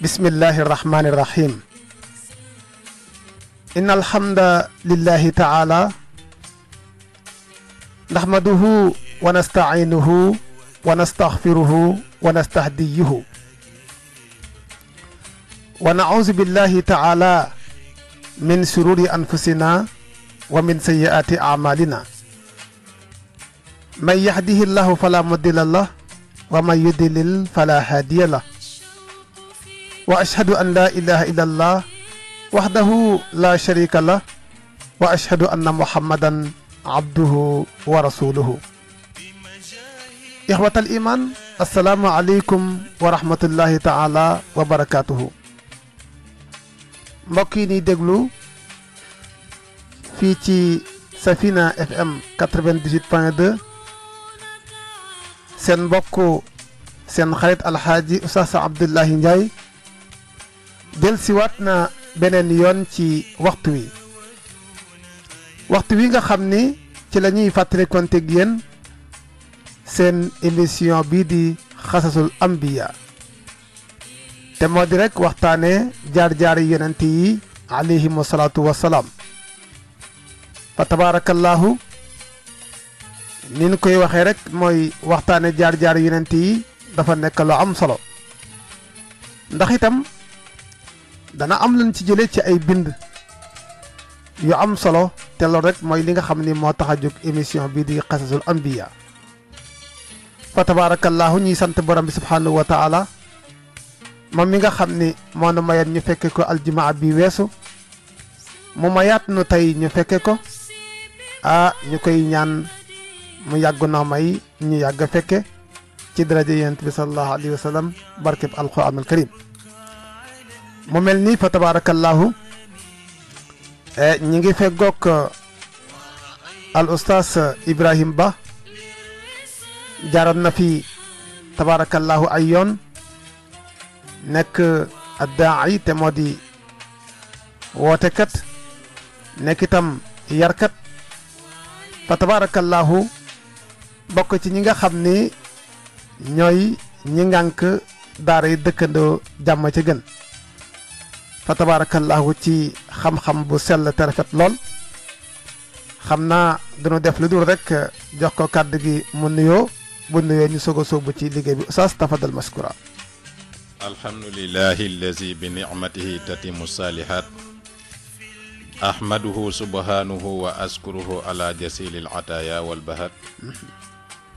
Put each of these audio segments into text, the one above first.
بسم الله الرحمن الرحيم إن الحمد لله تعالى نحمده ونستعينه ونستغفره ونستهديه ونعوذ بالله تعالى من شرور أنفسنا ومن سيئات أعمالنا من يهده الله فلا مضل له ومن يضلل فلا هادي له وأشهد أن لا إله إلا الله وحده لا شريك له وأشهد أن محمدا عبده ورسوله إخوة الإيمان السلام عليكم ورحمة الله تعالى وبركاته mbokk yi ñuy déglu fii ci Safina FM 98.2 بوكو سن خالد الحاجي استاذ عبد الله نجاي del siwaat na beneen yoon ci waxtu wi waxtu wi nga xam ni ci la ñuy fàttali konte ak seen émission bii di xasasul ambiya te moo di rek waxtaane jaar-jaar yenent yi alayhim wasalaatu wasalaam fa tabaarakallaahu ni ñu koy waxee rek mooy waxtaane jaar-jaar yonent yi dafa nekk lu am solo dana am lañ ci jëlee ci ay bind yu am solo te loolu rek mooy li nga xam ni moo tax a jóg émission bii di xasasul ambiya fa tabaarakallaahu ñuy sant borom bi subhaanahu wa taala moom mi nga xam ni moo nu mayaat ñu fekke ko aljumaa bi weesu mu mayaat nu tey ñu fekke ko ah ñu koy ñaan mu yàgg noo may ñu yàgg fekke ci daraja yent bi sallallahu alayhi wa sallam barkeb alquraanul karim mu mel ni fa tabaarakallaahu eh, ñi ngi feggoog eh, al ustaas Ibrahim Ba jaaroon na fi tabaarakallaahu ay yoon nekk addaai te moo di wootekat nekk itam yarkat fa tabaarakallaahu bokk ci ñi nga xam ni ñooy ñi ngànk daara yi dëkkandoo jàmm ci gën فتبارك الله تي خم خم بوسل ترفت لول خمنا دنو دف لدور رك جوكو كادغي منيو بنيو ني سوغو سوبو تي ليغي تفضل مسكورا الحمد لله الذي بنعمته تتم الصالحات احمده سبحانه واشكره على جسيل العطايا والبهات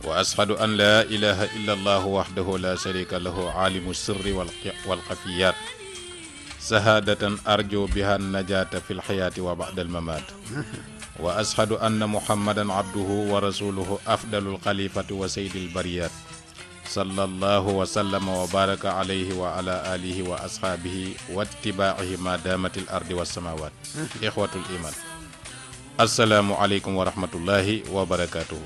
واشهد ان لا اله الا الله وحده لا شريك له عالم السر والقفيات سهادة أرجو بها النجاة في الحياة وبعد الممات وأشهد أن محمدا عبده ورسوله أفضل الخليفة وسيد البريات صلى الله وسلم وبارك عليه وعلى آله وأصحابه واتباعه ما دامت الأرض والسماوات إخوة الإيمان السلام عليكم ورحمة الله وبركاته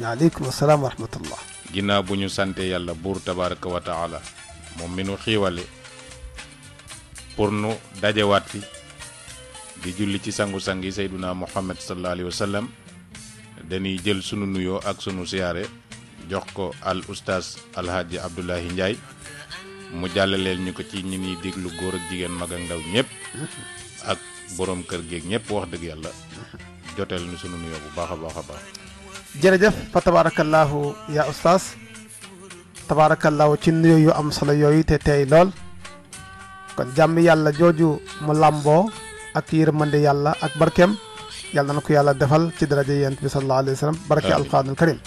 وعليكم السلام ورحمة الله ginnaaw bu سانتي sante تبارك وتعالى tabaraka wa pour nu dajewaat fi di julli ci sangu sangi sayyiduna muhammad sallallahu alaihi wasallam dañuy jël sunu nuyo ak sunu ziaré jox ko al ustaz al hadji abdullah ndjay mu jallalel ñuko ci ñi ni deglu goor ak jigen mag ak ndaw ak borom kër geek ñëpp wax deug yalla jotel ñu sunu nuyo bu baaxa baaxa baax fa tabarakallah ya ustaz tabarakallah ci nuyo yu am solo yoy te tay lol kon yàlla jooju mu làmboo ak yërmande yàlla ak barkeem yàlla na ko yàlla defal ci daraja yent bi sallallahu alayhi wa barke alquranul karim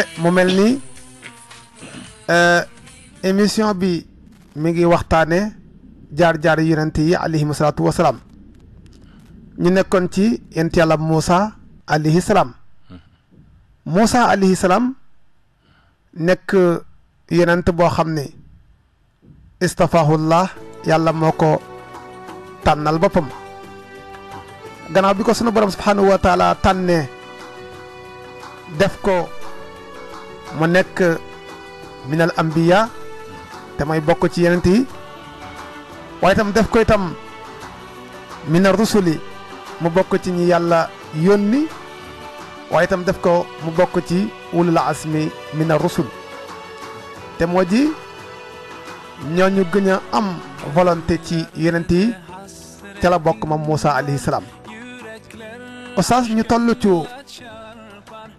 eh mu mel nii e, émission bi mi ngi waxtaane jaar-jaar yonent yi alayhimu ñu nekkoon ci yent yàlla Muusa alayhi salaam nekk yonent boo xam ne istafahullah yàlla moo ko tànnal boppam gannaaw bi ko sunu borom subhanahu wa taala tànnee def ko mu nekk minal ambiya te mooy bokk ci yenent yi waaye tam def ko itam minal rusuli mu bokk ci ñi yàlla yónni waaye tam def ko mu bokk ci ulul asmi minal rusul te moo ji ñooñu gën a am volonté ci yenent yi ca la bokk moom Moussa alayhi salaam oustaz ñu toll ci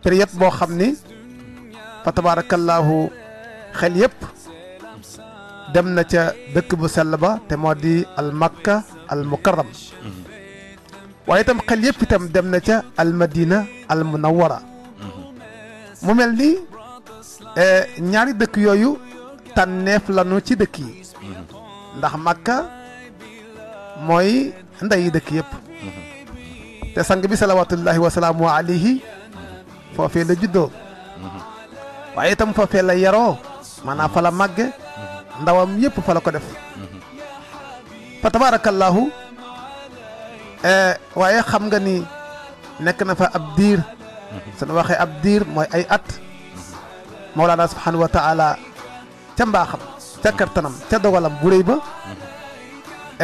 période boo xam ni fa tabaarakallaahu xel yëpp dem na ca dëkk bu sell ba te moo di al makka al mukarram waaye itam xel yëpp itam dem na ca al madina al munawwara mu mel ni eh, ñaari dëkk yooyu tànneef lanu ci dëkk yi ndax makka mooy ndeyi dëkk yëpp te sang bi salawatullahi wa salaamu alayhi foofee la juddoo waaye itam foofee la yaroo maanaam fa la màgge ndawam yëpp fa la ko def fa tabarakallahu waaye xam nga ni nekk na fa ab diir suñu waxee ab diir mooy ay at maulana subhanahu wa taala ca mbaaxam ca kattanam ca dogalam bu ba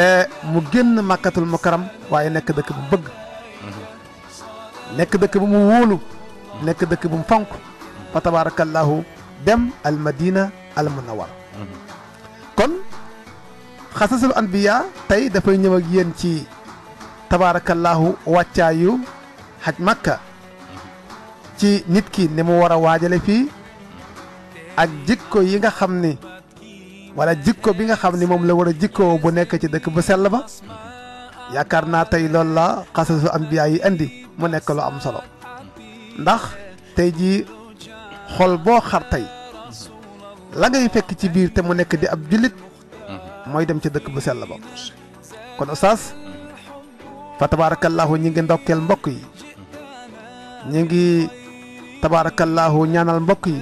e, mu génn màkkatul mukaram waaye nekk dëkk bu bëgg nekk dëkk bu mu wóolu nekk dëkk bu mu fonk fa tabarakallahu dem al madina al munawar kon xasasul anbiya tey dafay ñëw ak yéen ci tabarakallahu wàccaayu xaj makka ci nit ki ni mu war a waajale fii ak jikko yi nga xam ni wala jikko bi nga xam ni moom la war a jikkoo bu nekk ci dëkk bu sell ba yaakaar naa tey loolu la xasasu ambiya yi indi mu nekk lu am solo ndax tey jii xol boo xar tey la ngay fekk ci biir te mu nekk di ab jullit mooy dem ci dëkk bu sell ba kon oustaz fa tabaarakallaahu ñi ngi ndokkeel mbokk yi ñi ngi tabarakallah ñaanal mbokk yi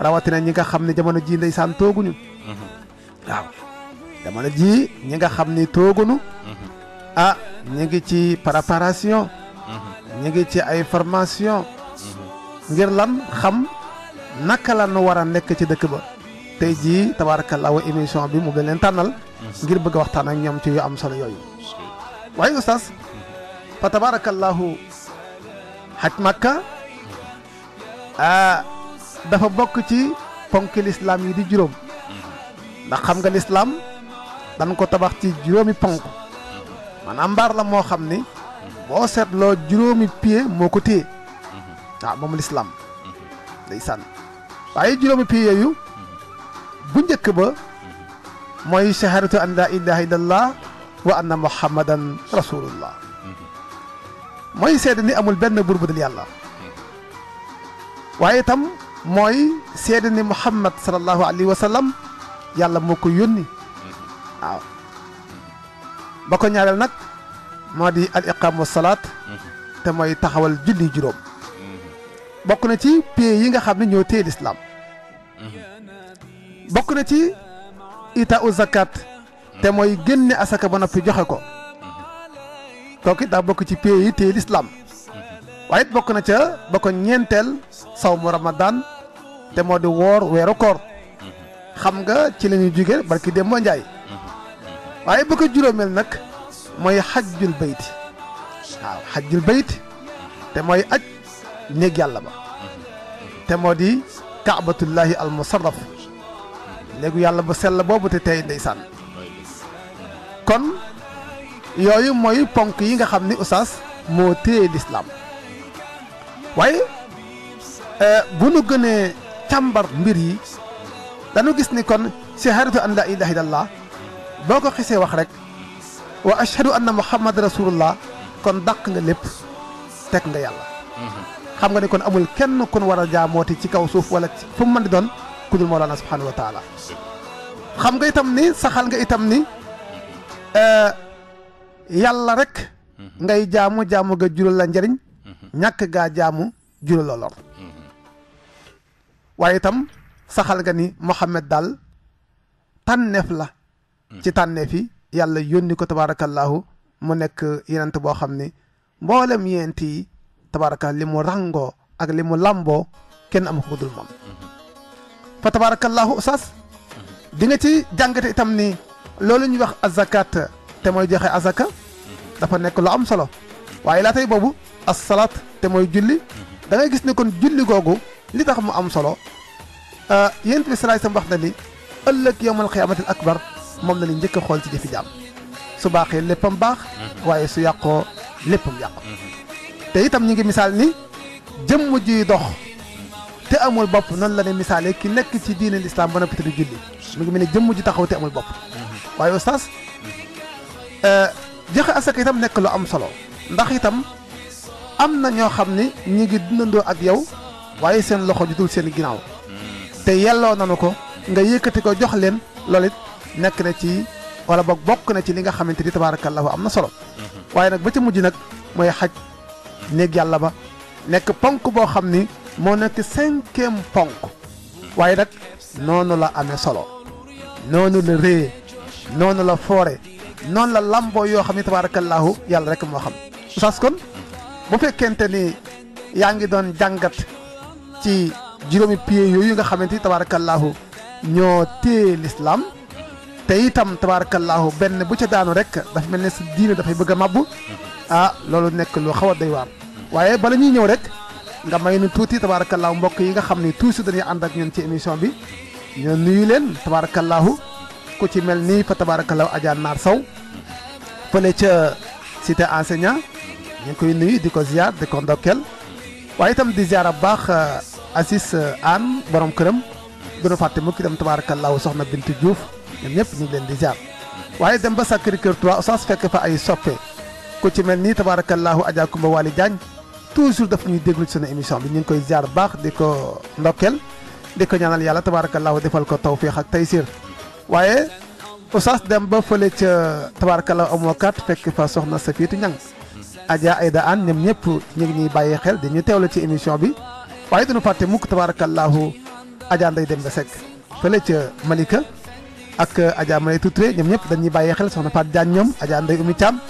rawatina ñi nga xamni ne jamono ji ndeysaan tooguñu waaw jamono ji ñi nga xamni ni ah ñi ngi ci préparation ñi ngi ci ay formation ngir lan xam naka la nu wara a ci dekk ba ji tabarakallah wa emission bi mu gën tanal ngir bëgg waxtaan ak ñom ci yu am solo yoy waaye oustaz fa tabarakallah makka Ah, dafa bokk ci ponk lislaam yi di juróom ndax xam nga lislaam dan ko tabax ci juróomi ponk maanaam mbaar la moo xam ni boo seetloo juróomi pied moo ko téye waaw ah, moom lislaam waaye juróomi pied yooyu bu njëkk ba mooy shahadatu an laa ilaha illallah wa anna muhammadan rasulullah mooy seede ni amul benn buur bu yàlla waaye itam mooy seede ni Muhammad sallallahu alayhi wa sallam yàlla moo ko yónni waaw ba ko ñaareel nag moo di al iqaam salaat te mooy taxawal julli juróom bokk na ci pieds yi nga xam ne ñoo téye lislaam bokk na ci ita u zakat te mooy génne asaka ba noppi joxe ko kooku daa bokk ci pieds yi téye lislaam waaye bokk na ca ba ko ñeenteel saw mu ramadan te moo di woor weeru koor xam nga ci lañuy ñuy jóge barki dem moo njaay waaye ba ko juróomeel nag mooy xajjul bayt waaw xajjul bayt te mooy aj néeg yàlla ba te moo di kaabatullahi al musarraf yàlla ba sell boobu te tey ndeysaan kon yooyu mooy ponk yi nga xam ni oustaz moo téye lislaam waaye euh, bu nu gënee càmbar mbir yi dañu gis ni kon shahadatu an la ilaha boo ko xisee wax rek wa ashhadu anna muhammad rasulullah kon dàq nga lépp teg nga yàlla xam nga ni kon amul kenn kon war a jaamooti ci kaw suuf wala fu mu mën di doon ku dul Mawlana subhanahu wa taala xam nga itam ni saxal nga itam ni euh, yàlla rek mm-hmm. ngay jaamu jaamu nga jural la njariñ ñàkk gaa jaamu juru la lor waaye itam saxal nga ni Mouhamed daal tànneef la ci tànneef yi yàlla yónni ko tabaarakallaahu mu nekk yenent boo xam ni mboolem yeent yi tabaaraka ak li mu làmboo am ko dul moom fa tabaarakallaahu oustaz di nga ci jàngate itam ni loolu ñuy wax azakat te mooy joxe azaka dafa nekk lu am solo waaye laa tey boobu asalaat te mooy julli mhm. dangay gis ne kon julli googu li tax mu am solo euh, yént bi salaay sam wax na ni ëllëg yowmal xiyaamatil akbar moom na ni njëkk xool ci jëfi jaam su baaxee léppam baax mhm. waaye su yàqoo léppam yàqu mhm. te itam ñu ngi misaal ni jëm ji dox te amul bopp noonu la ne misaale ki nekk ci diine lislaam ba noppi te du julli mu ngi mel ne jëmm ji taxaw te amul bopp waaye oustaz euh, joxe asaka itam nekk lu am solo ndax itam am na ñoo xam ne ñu ngi dundandoo ak yow waaye seen loxo jotul seen ginnaaw te yelloo nanu ko nga yëkkati ko jox leen loolu it nekk na ci wala boog bokk na ci li nga xamante ni tabaarakallaahu am na solo mhm. waaye nag ba ca mujj nag mooy xaj néeg yàlla ba nekk ponk boo xam ni moo nekk cinquième ponk waaye nag noonu la amee solo noonu la réyee noonu la foore noon la lamboo yoo xam ne tabaarakallaahu yàlla rek moo xam oustaz kon bu fekkente ni yaa ngi doon jàngat ci juróomi pie yooyu nga xamante ni tabaarakallaahu ñoo téye lislaam te itam tabaarakallaahu benn bu ca daanu rek dafa mel ne si diine dafay bëgg a màbbu ah loolu nekk lu xaw a doy waar waaye bala ñuy ñëw rek nga may nu tuuti tabaarakallaahu mbokk yi nga xam ne toujours dañuy ànd ak ñun ci émission bi ñu nuyu leen tabaarakallaahu ku ci mel nii fa tabaarakallaahu ajaan naar saw fële ca cité enseignant ñu koy nuyu di ko ziar di ko ndokkeel waaye itam di ziar baax euh, Asis euh, an borom këram du nu fàtte mukk itam tabaarakallaahu soxna Bintu Diouf ñoom ñëpp ñu ngi leen di ziar waaye dem ba sacré kër 3 oustaz fekk fa ay soppe ku ci mel nii tabaarakallaahu Adja Kumba Wali Diagne toujours dafa ñuy déglu ci sunu émission bi ñu ngi koy ziar baax di ko ndokkeel di ko ñaanal yàlla tabaarakallaahu defal ko tawfiix ak sir waaye oustaz dem ba fële ca tabaarakallaahu amoo kat fekk fa soxna fiitu Ñang Adja Aïda Anne ñoom ñëpp ñu ngi ñuy bàyyi xel di ñu teewlu ci émission bi waaye duñu fàtte mukk tabaarakallaahu Adja Ndeye Demba Seck fële ca Malika ak Adja May Touré ñoom ñëpp dañuy bàyyi xel soxna Fatou Diagne ñoom Adja Ndeye Oumy Thiam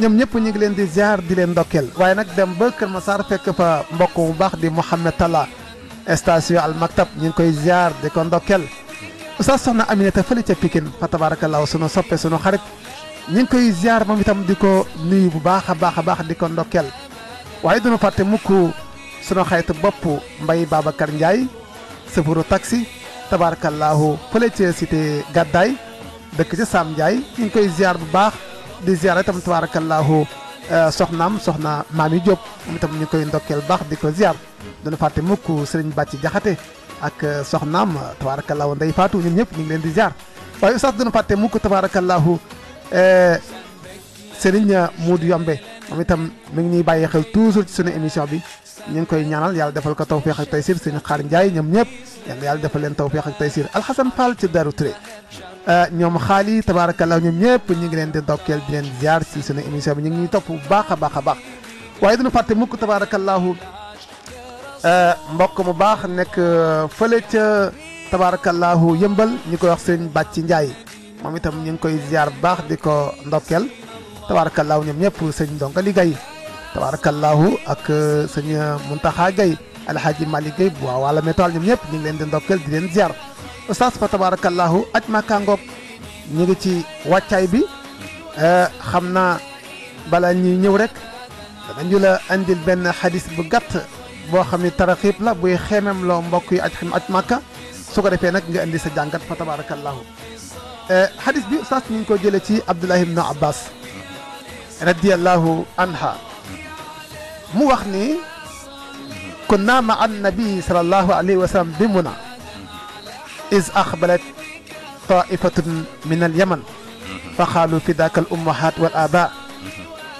ñoom ñëpp ñu ngi leen di genre di leen ndokkeel waaye nag dem ba Kër Massar fekk fa mbokk bu baax di Mouhamed Talla station Al Maktab ñu ngi koy ziar di ko ndokkeel oustaz soxna Aminata fële ca Pikine fa tabaarakallaahu sunu soppe xarit ñi ngi koy ziar moom itam di ko nuyu bu baax a baax a baax di ko ndokkeel waaye dunu fàtte mukk sunu xaytu bopp Mbaye Babacar njaay sëfuru taksi tabarakallaahu fële ci cité gàddaay dëkk ci Sam Ndiaye ñu koy ziar bu baax di ziar itam tabarakallaahu euh, soxnaam soxna Mami Diop moom itam ñu koy ndokkeel baax di ko ziar dunu fàtte mukk Serigne Bàcc Jaxate ak euh, soxnaam tabarakallaahu Ndey Faatu ñun ñëpp ñu ngi leen di ziar waaye ustaas dunu fàtte mukk serinya eh, serigne modou yombe mom itam mi ngi bayyi xel toujours ci sunu émission bi ñu ngi koy ñaanal yalla defal ko tawfiq ak taysir serigne xaar ndjay ñom ñep yalla defal len tawfiq ak al hasan fall ci daru tre eh, ñoom xaali tabarakallah ñoom ñëpp ñu ngi leen di dokkeel di leen jaar ci sunu émission bi ñu ngi topp bu baax a baax a baax waaye mukk tabarakallah eh, mbokk mu baax tabarakallah moom itam ñu ngi koy ziar bu baax di ko ndokkeel tabaarakallaahu ñoom ñëpp sëñ Ndonga li Gaye tabaarakallaahu ak euh, sëñ Muntaxa Gaye alhaaji Mali Gaye bu waa wala métal ñoom ñëpp ñu ngi leen di ndokkeel di leen ziar oustaz fa tabaarakallaahu aj Makka ngoog ñu ngi ci wàccaay bi euh, xam na bala ñuy ñëw rek danañu la andil benn xadis bu gàtt boo xam ni taraxiib la buy xeemem loo mbokk yi aj aj Makka su ko defee nag nga indi sa jàngat fa tabaarakallaahu حديث eh, bi oustaz نينكو ngi ko jëlee ci Abdullah ibn Abbas radiyallahu anha mu كنا مع النبي صلى الله عليه وسلم بمنى إذ اخبرت طائفة من اليمن فقالوا في ذاك الأمهات والآباء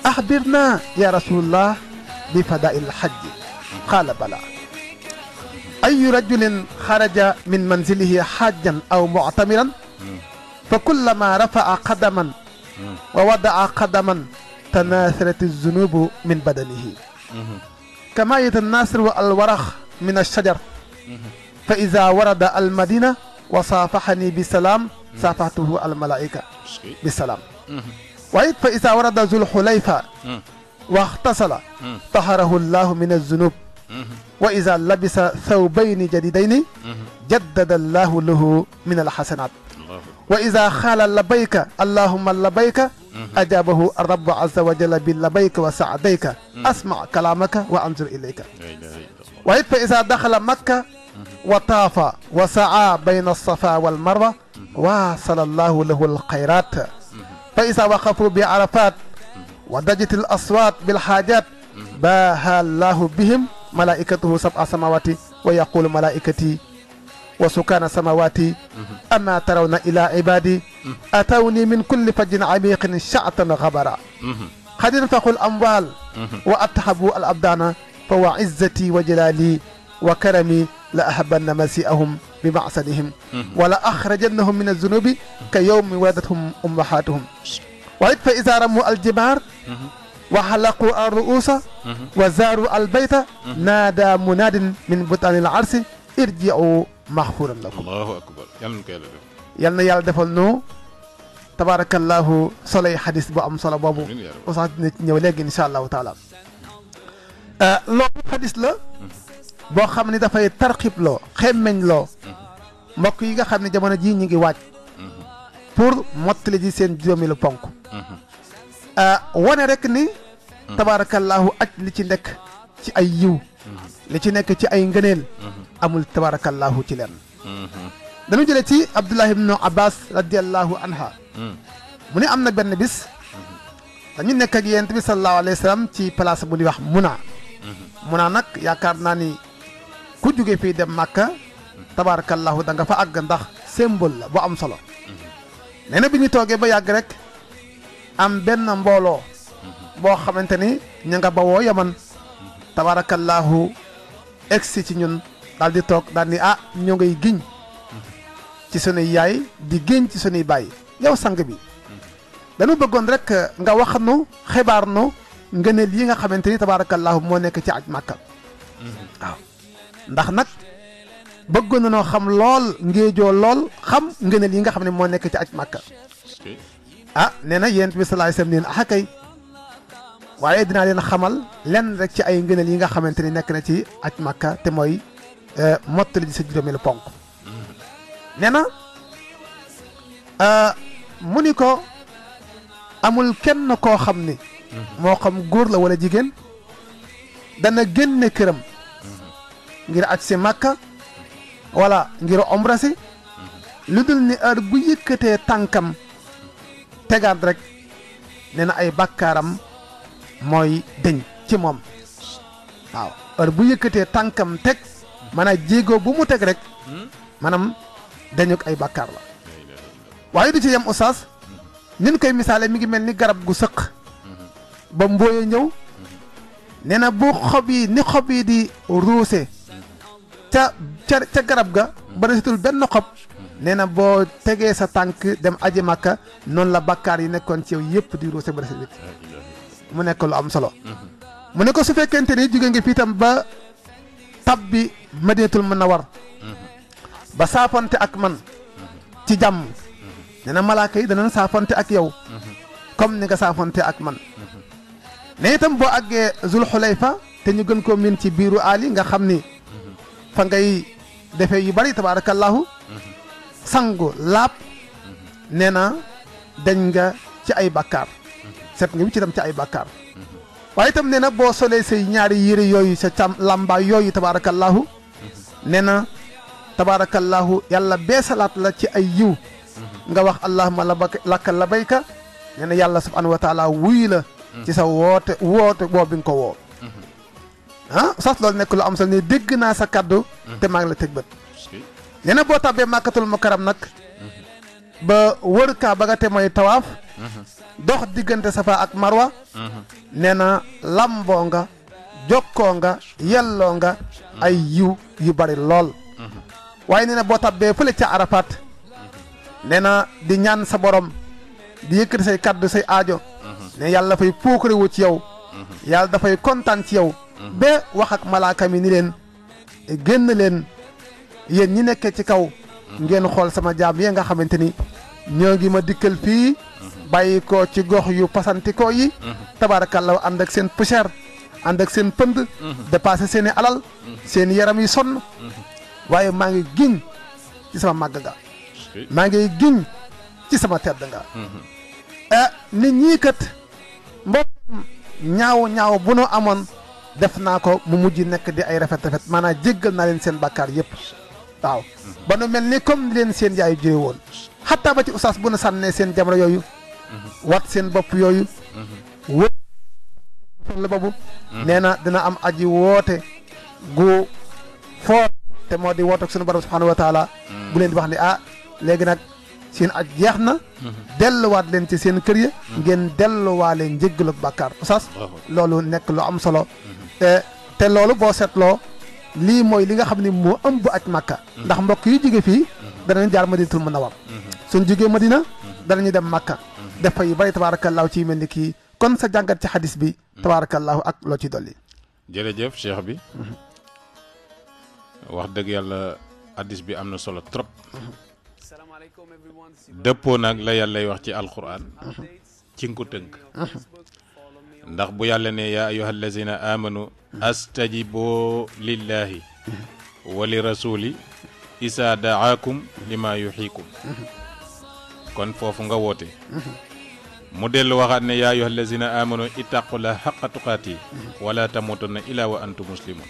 أخبرنا يا رسول الله بفداء الحج قال بلى أي رجل خرج من منزله حاجا أو معتمرا فكلما رفع قدما ووضع قدما تناثرت الذنوب من بدنه كما يتناثر الورق من الشجر فإذا ورد المدينة وصافحني بسلام صافحته الملائكة بسلام وإذ فإذا ورد ذو الحليفة واغتسل طهره الله من الذنوب وإذا لبس ثوبين جديدين جدد الله له من الحسنات وإذا خال لبيك اللهم لبيك أجابه الرب عز وجل بلبيك وسعديك أسمع كلامك وأنظر إليك وإذا دخل مكة وطاف وسعى بين الصفا والمروة وصل الله له الخيرات فإذا وقفوا بعرفات ودجت الأصوات بالحاجات باها الله بهم ملائكته سبع سماوات ويقول ملائكتي وسكان السماوات أما ترون إلى عبادي أتوني من كل فج عميق شعثا غبرا قد انفقوا الأموال وأتحبوا الأبدان فهو عزتي وجلالي وكرمي لأحبن مسيئهم بمعصدهم ولأخرجنهم من الذنوب كيوم ولدتهم أمهاتهم وإذ فإذا رموا الجمار وحلقوا الرؤوس وزاروا البيت نادى مناد من بطان العرس ارجعوا maxfuuran lakum allahu akbar ko yàlla def yal na yàlla defal nu tabaarakallaahu soley xadis boo am solo boobu oustaz dina ci ñëw léegi incha allahu taala euh, loolu xadis la boo xam ne dafay tarxib loo xemmeñ loo mbokk yi nga xam ne jamono jii ñu ngi waaj pour mottali ji seen juróomi lu ponk euh, wone rek ni tabaarakallaahu aj li ci nekk ci ay yiw li ci nekk ci ay ngëneel mhm. amul tabarakallahu ci leen mhm. dañu jëlee ci abdullah ibnu abbas radiallahu anha mhm. mu ne am na benn bis dañu nekk ak yonent bi sallallahu alayhi wa ci place bu ñuy wax muna munaa nag yaakaar naa ni ku jóge fii dem màkka tabarakallahu danga nga fa àgg ndax symbole la boo am solo nee bi ñu toogee ba yàgg rek am benn mbooloo boo xamante ni ña nga bawoo yaman tabaarakallaahu egsi ci ñun daal di toog daal ni ah ñoo ngay giñ ci sunuy yaay di giñ ci sunuy baay yow sang bi dañu bëggoon rek nga wax nu xibaar nu ngëneel yi nga xamante ni tabaarakallaahu moo nekk ci aj màkka ndax nag bëggoon na noo xam lool ngéejoo lool xam ngëneel yi nga xam ne moo nekk ci aj màkka ah nee na yéen bi sa laay neen ah kay waaye dinaa leen xamal lenn rek ci ay ngëneel yi nga xamante ni nekk na ci aj makka te mooy euh, mottali di sa juróomeelu ponk nee na euh, mu ni ko amul kenn koo xam ni moo xam góor la wala jigéen dana génne këram ngir aj si makka wala ngir omra si lu dul ni heure bu yëkkatee tànkam tegaat rek nee na ay bàkkaaram mooy deñ ci moom waaw heure bu yëkkatee tànkam teg maanaam jéego bu mu teg rek maanaam dañuk ay bàkkaar la waaye du ci yem oustaz ñun koy misaale mi ngi mel ni garab gu sëq ba mbooyee ñëw nee na bu xob yi ni xob yi di ruuse ca ca garab ga ba benn xob nee na boo tegee sa tànk dem aji màkka noonu la bàkkaar yi nekkoon ci yow yëpp di ruuse ba desit mu nekk lu am solo mu ne ko su fekkente ni jóge nga fi tam ba tabbi madinatul munawwar ba saafonte ak man ci jàmm nee na malaaka yi danañ saafonte ak yow comme ni nga saafonte ak man ne itam boo àggee zul xulayfa te ñu gën koo min ci biiru ali nga xam ni fa ngay defee yu bari tabarakallahu sangu laab nee dañ nga ci ay bakkaar set nga wicc itam ca ay bàkkaar waaye tam nee na boo solee sa ñaari yére yooyu sa càm làmbaay yooyu tabaarakallaahu nee na tabaarakallaahu yàlla salaat la ci ay yiw nga wax allahuma la lakka la bayka nee yàlla subhaanahu wa wuy la ci sa woote woote boo bi nga ko woo ah sax loolu nekk lu am solo ne dégg naa sa kàddu te maa la teg bët nee na boo tàbbee màkkatul mukarram nag ba wër ba nga te mooy tawaaf dox diggante safa ak marwa nee na lamboo nga jokkoo nga yelloo nga ay yiw yu bari lool waaye ne na boo tabbee fële ca Arafat ne na di ñaan sa borom di yëkkati say kàddu say aajo ne yàlla dafay puukarewu ci yow yàlla dafay kontaan ci yow ba wax ak malaaka mi ni leen génn leen yéen ñi nekkee ci kaw ngeen xol sama jaam yi nga xamanteni ñoo ngi ma dikkel fi bayiko ko ci gox yu pasantikoo yi tabarakallah and ak seen pousser and ak seen dépasser seen alal seen yaram yi son waye ma ngi giñ ci sama magga ma ngi giñ ci sama tedd nga ah eh, nit ñi kat mboolem ñaaw ñaaw bu no def nako mu mujj nek di ay rafet rafet manana jéggal na len seen bakkar yépp waaw ba nu mel ni comme leen seen yaay jure woon xattaa ba ci usaas bu na sànnee seen jamra yooyu wat seen bopp yooyu wër la boobu nee na dina am aji woote gu foor te moo di woote ak sunu borom subhanahu wa bu leen di wax ne ah léegi nag seen aj jeex na delluwaat leen ci seen kër ya ngeen delluwaale njëggalu bàkkaar usaas loolu nekk lu am solo te loolu boo seetloo lii mooy li nga xam ne moo ëmb ak màkka ndax mbokk yi jóge fii danañ jaar madinatul munawwar suñ jógee madina danañu dem màkka def fa yu bari tabaarakallaahu ci mel ni kii kon sa jàngat ci xadis bi tabaarakallaahu ak loo ci dolli jërëjëf seex bi wax dëgg yàlla xadis bi am na solo trop dëppoo nag la yàllay wax ci alquran ci nga ko tënk ndax bu yàlla ne ya ayuha allazina amanu astajiboo lillahi wa li rasuli isa daakum lima yuxiikum kon foofu nga woote mu dellu waxaat ne yaa ayuha allazina amanu ittaqula xaqa tuqaati wala tamutunna ila wa antum muslimun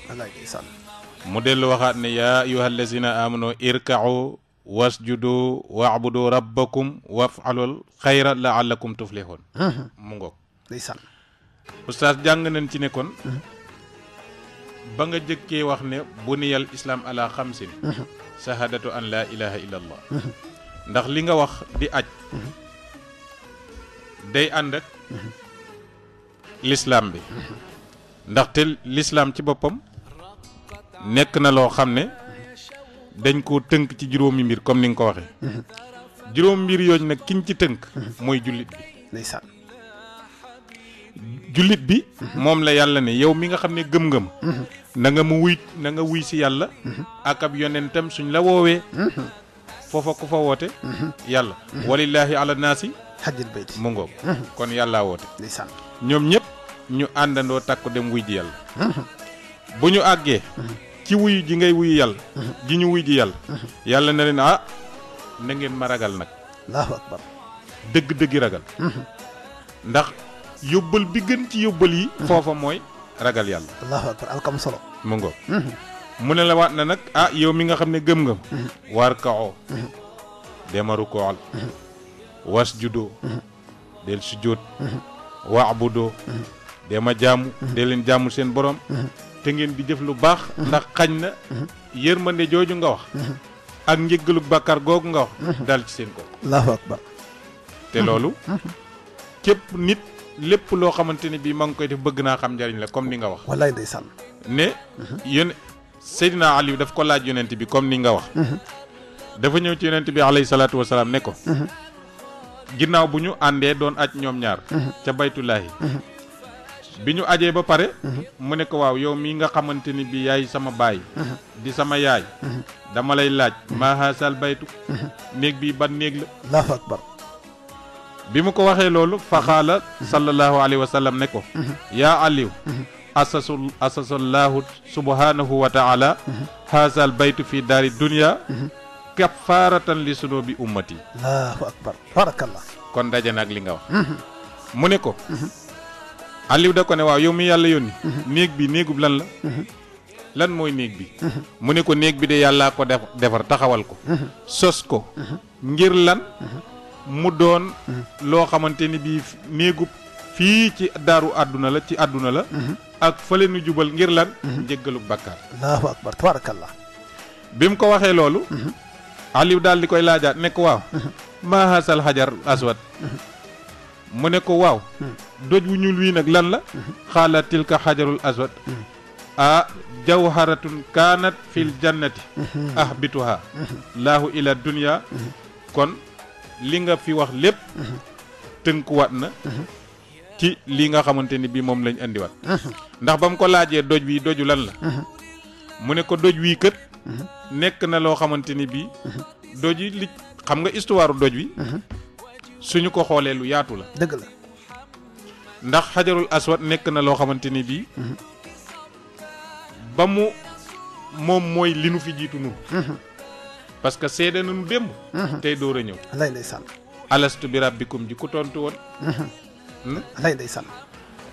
mu dellu waxaat ne yaa ayuha allazina amanu irkacu wasjudu wabudu rabbakum wafcalul xayra laallakum tuflihun mu ngoog ndeysaan oustaz jàng nañ ci nekkoon ba nga jëkkee wax ne buniyal islaam ala xamsin shahadatu an laa ilaha illa allah ndax li nga wax di aj day ànd ak lislaam bi ndaxte lislaam ci boppam nekk na loo xam ne dañ ko tënk ci juróomi mbir comme ni nga ko waxee juróom mbir yooyu nag kiñ ci tënk mooy jullit bi jullit bi mhm. moom la yàlla ne yow mi nga xam ne gëm-gëm mhm. na nga mu wuy na nga wuy si yàlla mhm. ak ab yonentam suñ la woowee foofa ko fa woote yàlla walillaahi ala naasi xajjil bayt mu ngoog kon yàllaa woote ndeysaan ñoom ñëpp ñu àndandoo takku dem wuy ji yàlla bu ñu àggee ci wuyu ji ngay wuyu yàlla ji ñu wuy ji yàlla yàlla na leen ah na ngeen ma ragal nag allahu akbar dëgg-dëggi ragal ndax yobbal bi gën ci yobbal yi foofa moy ragal yalla allahu akbar alkam solo mo ngo mhm. mu ne la wat na nak ah yow mi nga xamne ne gëm nga mhm. war kaxoo mhm. demaru ko was wasjudu del sujjóot waabudoo dema jaamu delen leen sen borom te ngeen di def lu bax ndax xagnna na joju nga wax ak njëggalu bakar gog nga wax dal ci sen ko allahu akbar te lolou kep nit lépp loo xamante ni bii maa ngi koy def bëgg naa xam njariñ la comme ni nga wax. wallaay ndeysaan. ne. yéen Seydina Aliou daf ko laaj yonent bi comme ni nga wax. Mhm. dafa ñëw ci yonent bi alayhi salaatu wa ne ko. Mhm. ginnaaw bu ñu àndee doon aj ñoom ñaar. Mhm. ca baytullaahi bi ñu ajee ba pare. mu ne ko waaw yow mii nga xamante ni bii yaay sama baay. di sama yaay. dama lay laaj. maa haasal baytu. néeg bii ban néeg la. bi mu ko waxee loolu fa sallallahu alayhi wa sallam ne ko yaa aliou asasu asasallahu subhanahu wa taala haasal baytu fi daari dunia kafaaratan li sunoo bi ummati kon daje na ak li nga wax mu ne ko aliou da ko ne waaw yow mi yàlla yónni néeg bi néegub lan la lan mooy néeg bi mu ne ko néeg bi de yàllaa ko defar taxawal ko sos ko ngir lan mudon doon loo xamante bi bii fi ci daru aduna la ci aduna la mhm. ak fele nu jubal ngir lan mhm. njëggalu bakkar allahu akbar tabarakallah bim ko waxe lolou mhm. ali dal dikoy nek ne ma hasal hajar aswad mu ne ko waw doj wu ñul wi nak lan la khala tilka hajarul aswad a jawharatun kanat fil jannati ahbituha lahu ila dunya kon li nga fi wax lépp tënkuwaat na ci lii nga xamante ni bii moom lañ andiwaat ndax ba mu ko laajee doj wi doju lan la mu ne ko doj wii kët nekk na loo xamante ni bii doj yi li xam nga istuwaaru doj wi suñu ko xoolee lu yaatu la dëgg la ndax xajarul aswad nekk na loo xamante ni bii ba mu moom mooy li nu fi jiitu nun parce que seede nu démb. Uh-huh. tey door a ñëw. lay lay sànn. alastu bi rabbikum ji ku tontu woon. lay lay sànn.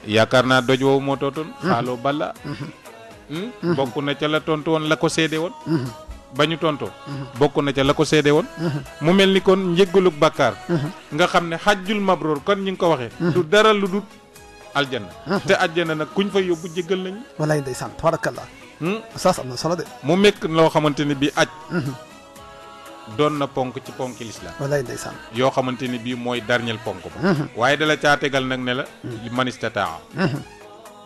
yaakaar naa doj woowu moo tootoon. Uh-huh. xaaloo balla. Uh-huh. Hmm? bokk na ca la tontu woon la ko seede woon. ba ñu tontoo. bokk na ca la ko seede woon. mu mel ni kon njëggalug bàkkaar. nga xam ne xajjul mabroor kon ñi ngi ko waxee. du dara lu dul aljanna. te aljanna na kuñ fa yóbbu jéggal nañu. walaay ndeysaan tabarakallah. Hmm? saas am na solo mu mekk loo xamante ni bii aj. doon na ponk ci ponk lislaam wallaay ndeysaan yoo xamante ni bii mooy dernier ponk ba mhm. waaye dala caa tegal nag ne la mhm. man istataa mhm.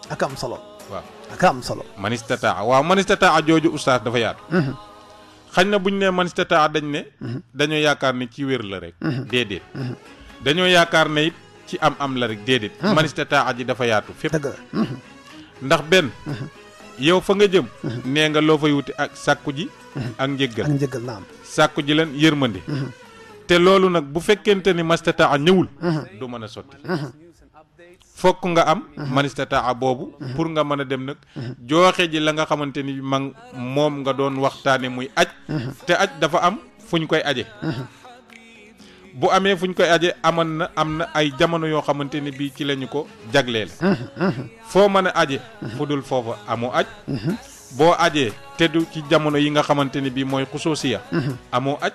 ak am solo waaw ak am solo man istataa waaw man istataa jooju oustaz dafa yaatu xañ na buñ ne man istataa dañ ne dañoo yaakaar ne ci wér la rek déedéet dañoo yaakaar ne it ci am am la rek déedéet man istataa ji dafa yaatu fépp ndax benn yow fa nga jëm. nee nga loo fay wuti ak sàkku ji. ak njégal ak njëggal sàkku ji leen yërmande. te loolu nag bu fekkente ni mastataa ñëwul. du mën a sotti. fokk nga am. manistataa boobu. pour nga mën a dem nag. jooxe ji la nga xamante ni man moom nga doon waxtaane muy aj. te aj dafa am fu ñu koy aje. bu amee fu ñu koy aje amoon na am na ay jamono yoo xamante ne bii ci lañu ko jagleel. foo mën a aje. fu dul foofa amoo aj. boo ajee te ci jamono yi nga xamante ne bii mooy xusoosiya amoo aj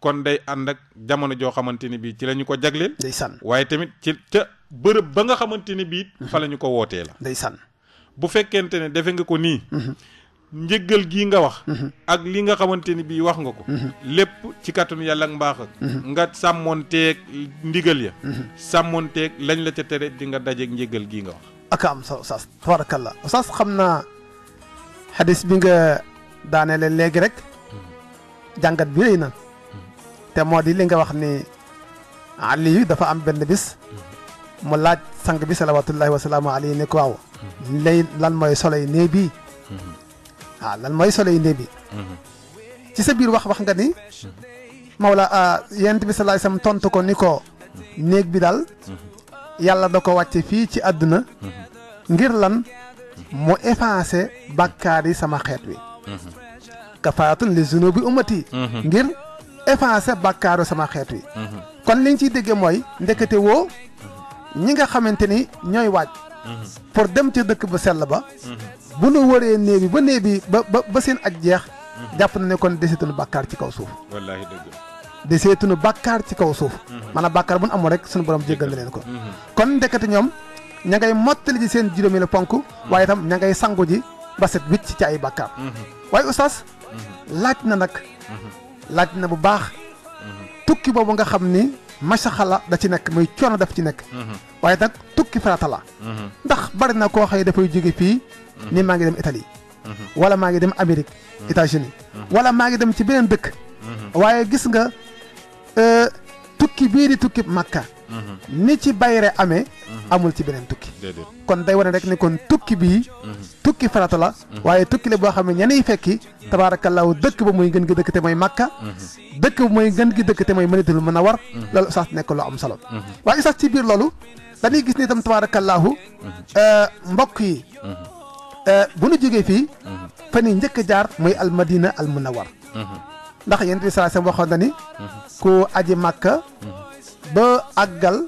kon day ànd ak jamono joo xamante ne bii ci la ñu ko jagleel ndeysaan waaye tamit ci ca bërëb ba nga xamante ne bii fa la ko wootee la ndeysaan bu fekkente ne defe nga ko nii njëggal gii nga wax mhm. ak li nga xamante ni bii wax nga ko mhm. lépp ci kàttanu yàlla ak mbaax ak mhm. nga sàmmoonteeg ndigal ya sàmmoonteeg lañ la ca tere di nga dajeeg njëggal gii nga wax a am sa oustaz tabarakallah oustaz xam naa xadis bi nga daaneele léegi rek jàngat bi rëy na te moo di li nga wax ni Aliyu dafa am benn bis mu laaj sang bi salawatullahi wasalaamu alayhi ne ko waaw lay lan mooy soloy nee bii waaw ah, lan mooy solo yu ndébi mhm. ci sa biir wax wax nga ni Mawla ah, yent bi salaay sam tontu ko ni ko mhm. néeg bi daal mhm. yàlla da ko wàcce fii ci àdduna ngir lan mu effacé bàkkaar sama xeet wi kafaatun li zunubi ummati ngir effacé bàkkaaru sama xeet wi kon liñ ciy déggee mooy ndekete woo ñi nga xamante ni ñooy waaj Mm-hmm. pour dem ca dëkk ba sell ba mm-hmm. bu nu waree néew ba néew ba ba ba seen aj jeex mm-hmm. jàpp na ne kon deseetunu bàkkaar ci kaw suuf wallaahi dëgg deseetunu bàkkaar ci kaw suuf maanaam bàkkaar bu nu amoon rek suñu borom jéggal na leen ko kon ndekete ñoom ña ngay mottali ji seen juróomi la ponk waaye itam ña ngay sangu ji ba set wicc ci ay bàkkaar waaye oustaz laaj na nag laaj na bu baax tukki boobu nga xam ni masaxala da ci nekk muy coono daf ci nekk. Mm-hmm. waaye nag tukki farata la. Mm-hmm. ndax bari na koo xëy dafay jóge fii. Mm-hmm. ni maa ngi dem Italie. wala maa ngi dem Amérique. États-Unis wala maa ngi dem ci beneen dëkk. waaye gis nga euh, tukki bii tukki Makka. ni ci bayre amee. amul ci benen tukki kon day wone rek ne kon tukki bi mhm. tukki farata la mhm. waye tukki la bo xamni ñane yi fekki tabaarakallaahu dekk bu moy gën gi dekk te moy makka mhm. dekk bu moy gën gi dekk te moy manitul mën a war loolu isaas nekk lu am solo wa isa ci biir loolu dañuy gis tam itam euh mbokk yi euh, bu nu jógee fi fani yi jaar moy al madina al munawar ndax yeen bi sa waxoon na ni ku aji makka ba àggal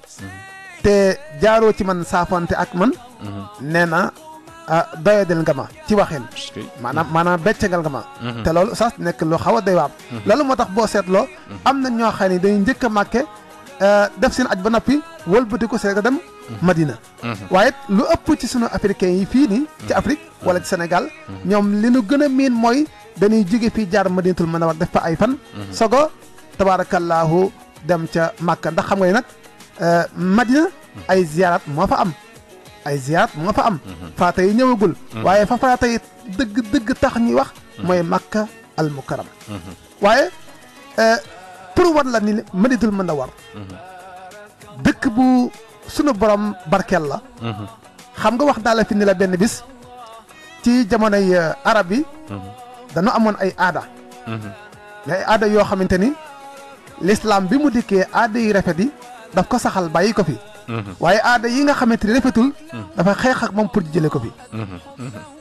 te jaaro ci man safante ak man mhm. neena na ah, del nga ma ci waxin manam manam beccangal nga ma mhm. te lol sax nek lo xawa day doy mhm. lolou motax bo setlo amna ño xani na ñoo makke eh, def seen aj ba ko sega dem madina waye lu upp ci sunu africain yi fi ni ci afrique wala ci senegal ñom li nu gëna min moy dañuy jóge jaar madinatul mën def fa ay fan sogo tabarakallah dem ca makka ndax xam nga nak Euh, Madina ay ziarat moo fa am ay ziarat moo fa am mhm. farata yi ñëwagul mhm. waaye fa farata yi dëgg dëgg tax ñuy wax mhm. mooy màkk al mukarram waaye euh, pour war la ni Madinatul Munawwar dëkk bu sunu borom barkeel la xam nga wax daal fi ni la benn bis ci jamonoy euh, arab yi dañu amoon ay aada mais ay aada yoo xamante ni lislaam bi mu dikkee aada yi rafet yi daf ko saxal bàyyi ko fi. Mhm. waaye aada yi nga xamante ni rafetul. Mhm. dafa xeex ak moom pour jëlee ko fi. Mhm.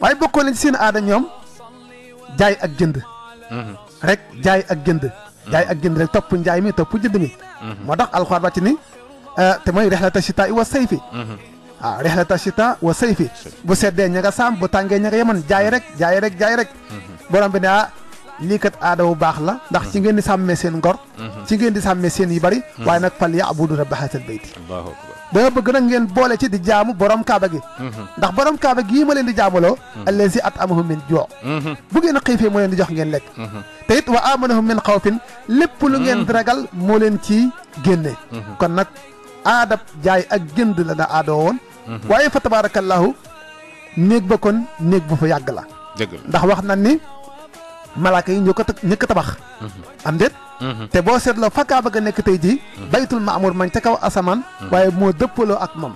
waaye bokkoo leen ci seen aada ñoom jaay ak jënd. rek jaay ak jënd. jaay ak jënd rek topp njaay mi topp jënd mi. moo tax alxuraan wàcc ni eh, te mooy rexlata shita wa sayfi. waaw rexlata shita wa sayfi bu seddee ña nga saam bu tàngee ña nga yeman jaay rek jaay rek jaay rek. borom bi ne ah lii kat aada bu baax la ndax ci ngeen di sàmmee seen ngor mhm. ci ngeen di sàmmee seen yi bari mhm. waaye nag fal yaabudu rabba haasal bayti dama bëgg nag ngeen boole ci di jaamu boroom kaaba gi mhm. ndax borom kaaba gi ma leen di jaamuloo allazi at'amahum min joo bu ngeen xiifee moo leen di jox ngeen lekk te it wa amanahum min xawfin lépp lu ngeen ragal moo leen ci génne kon nag aadab jaay ak gën di la na aadoo woon waaye fa tabarakallahu néeg ba kon néeg bu fa yàgg la ndax wax malaaka yi ñoo ko ñëkk tabax mhm. am déet mhm. te boo seetloo fa Kaaba ga nekk tey jii mhm. baytul maamur mañ ca kaw asamaan waaye moo dëppaloo ak moom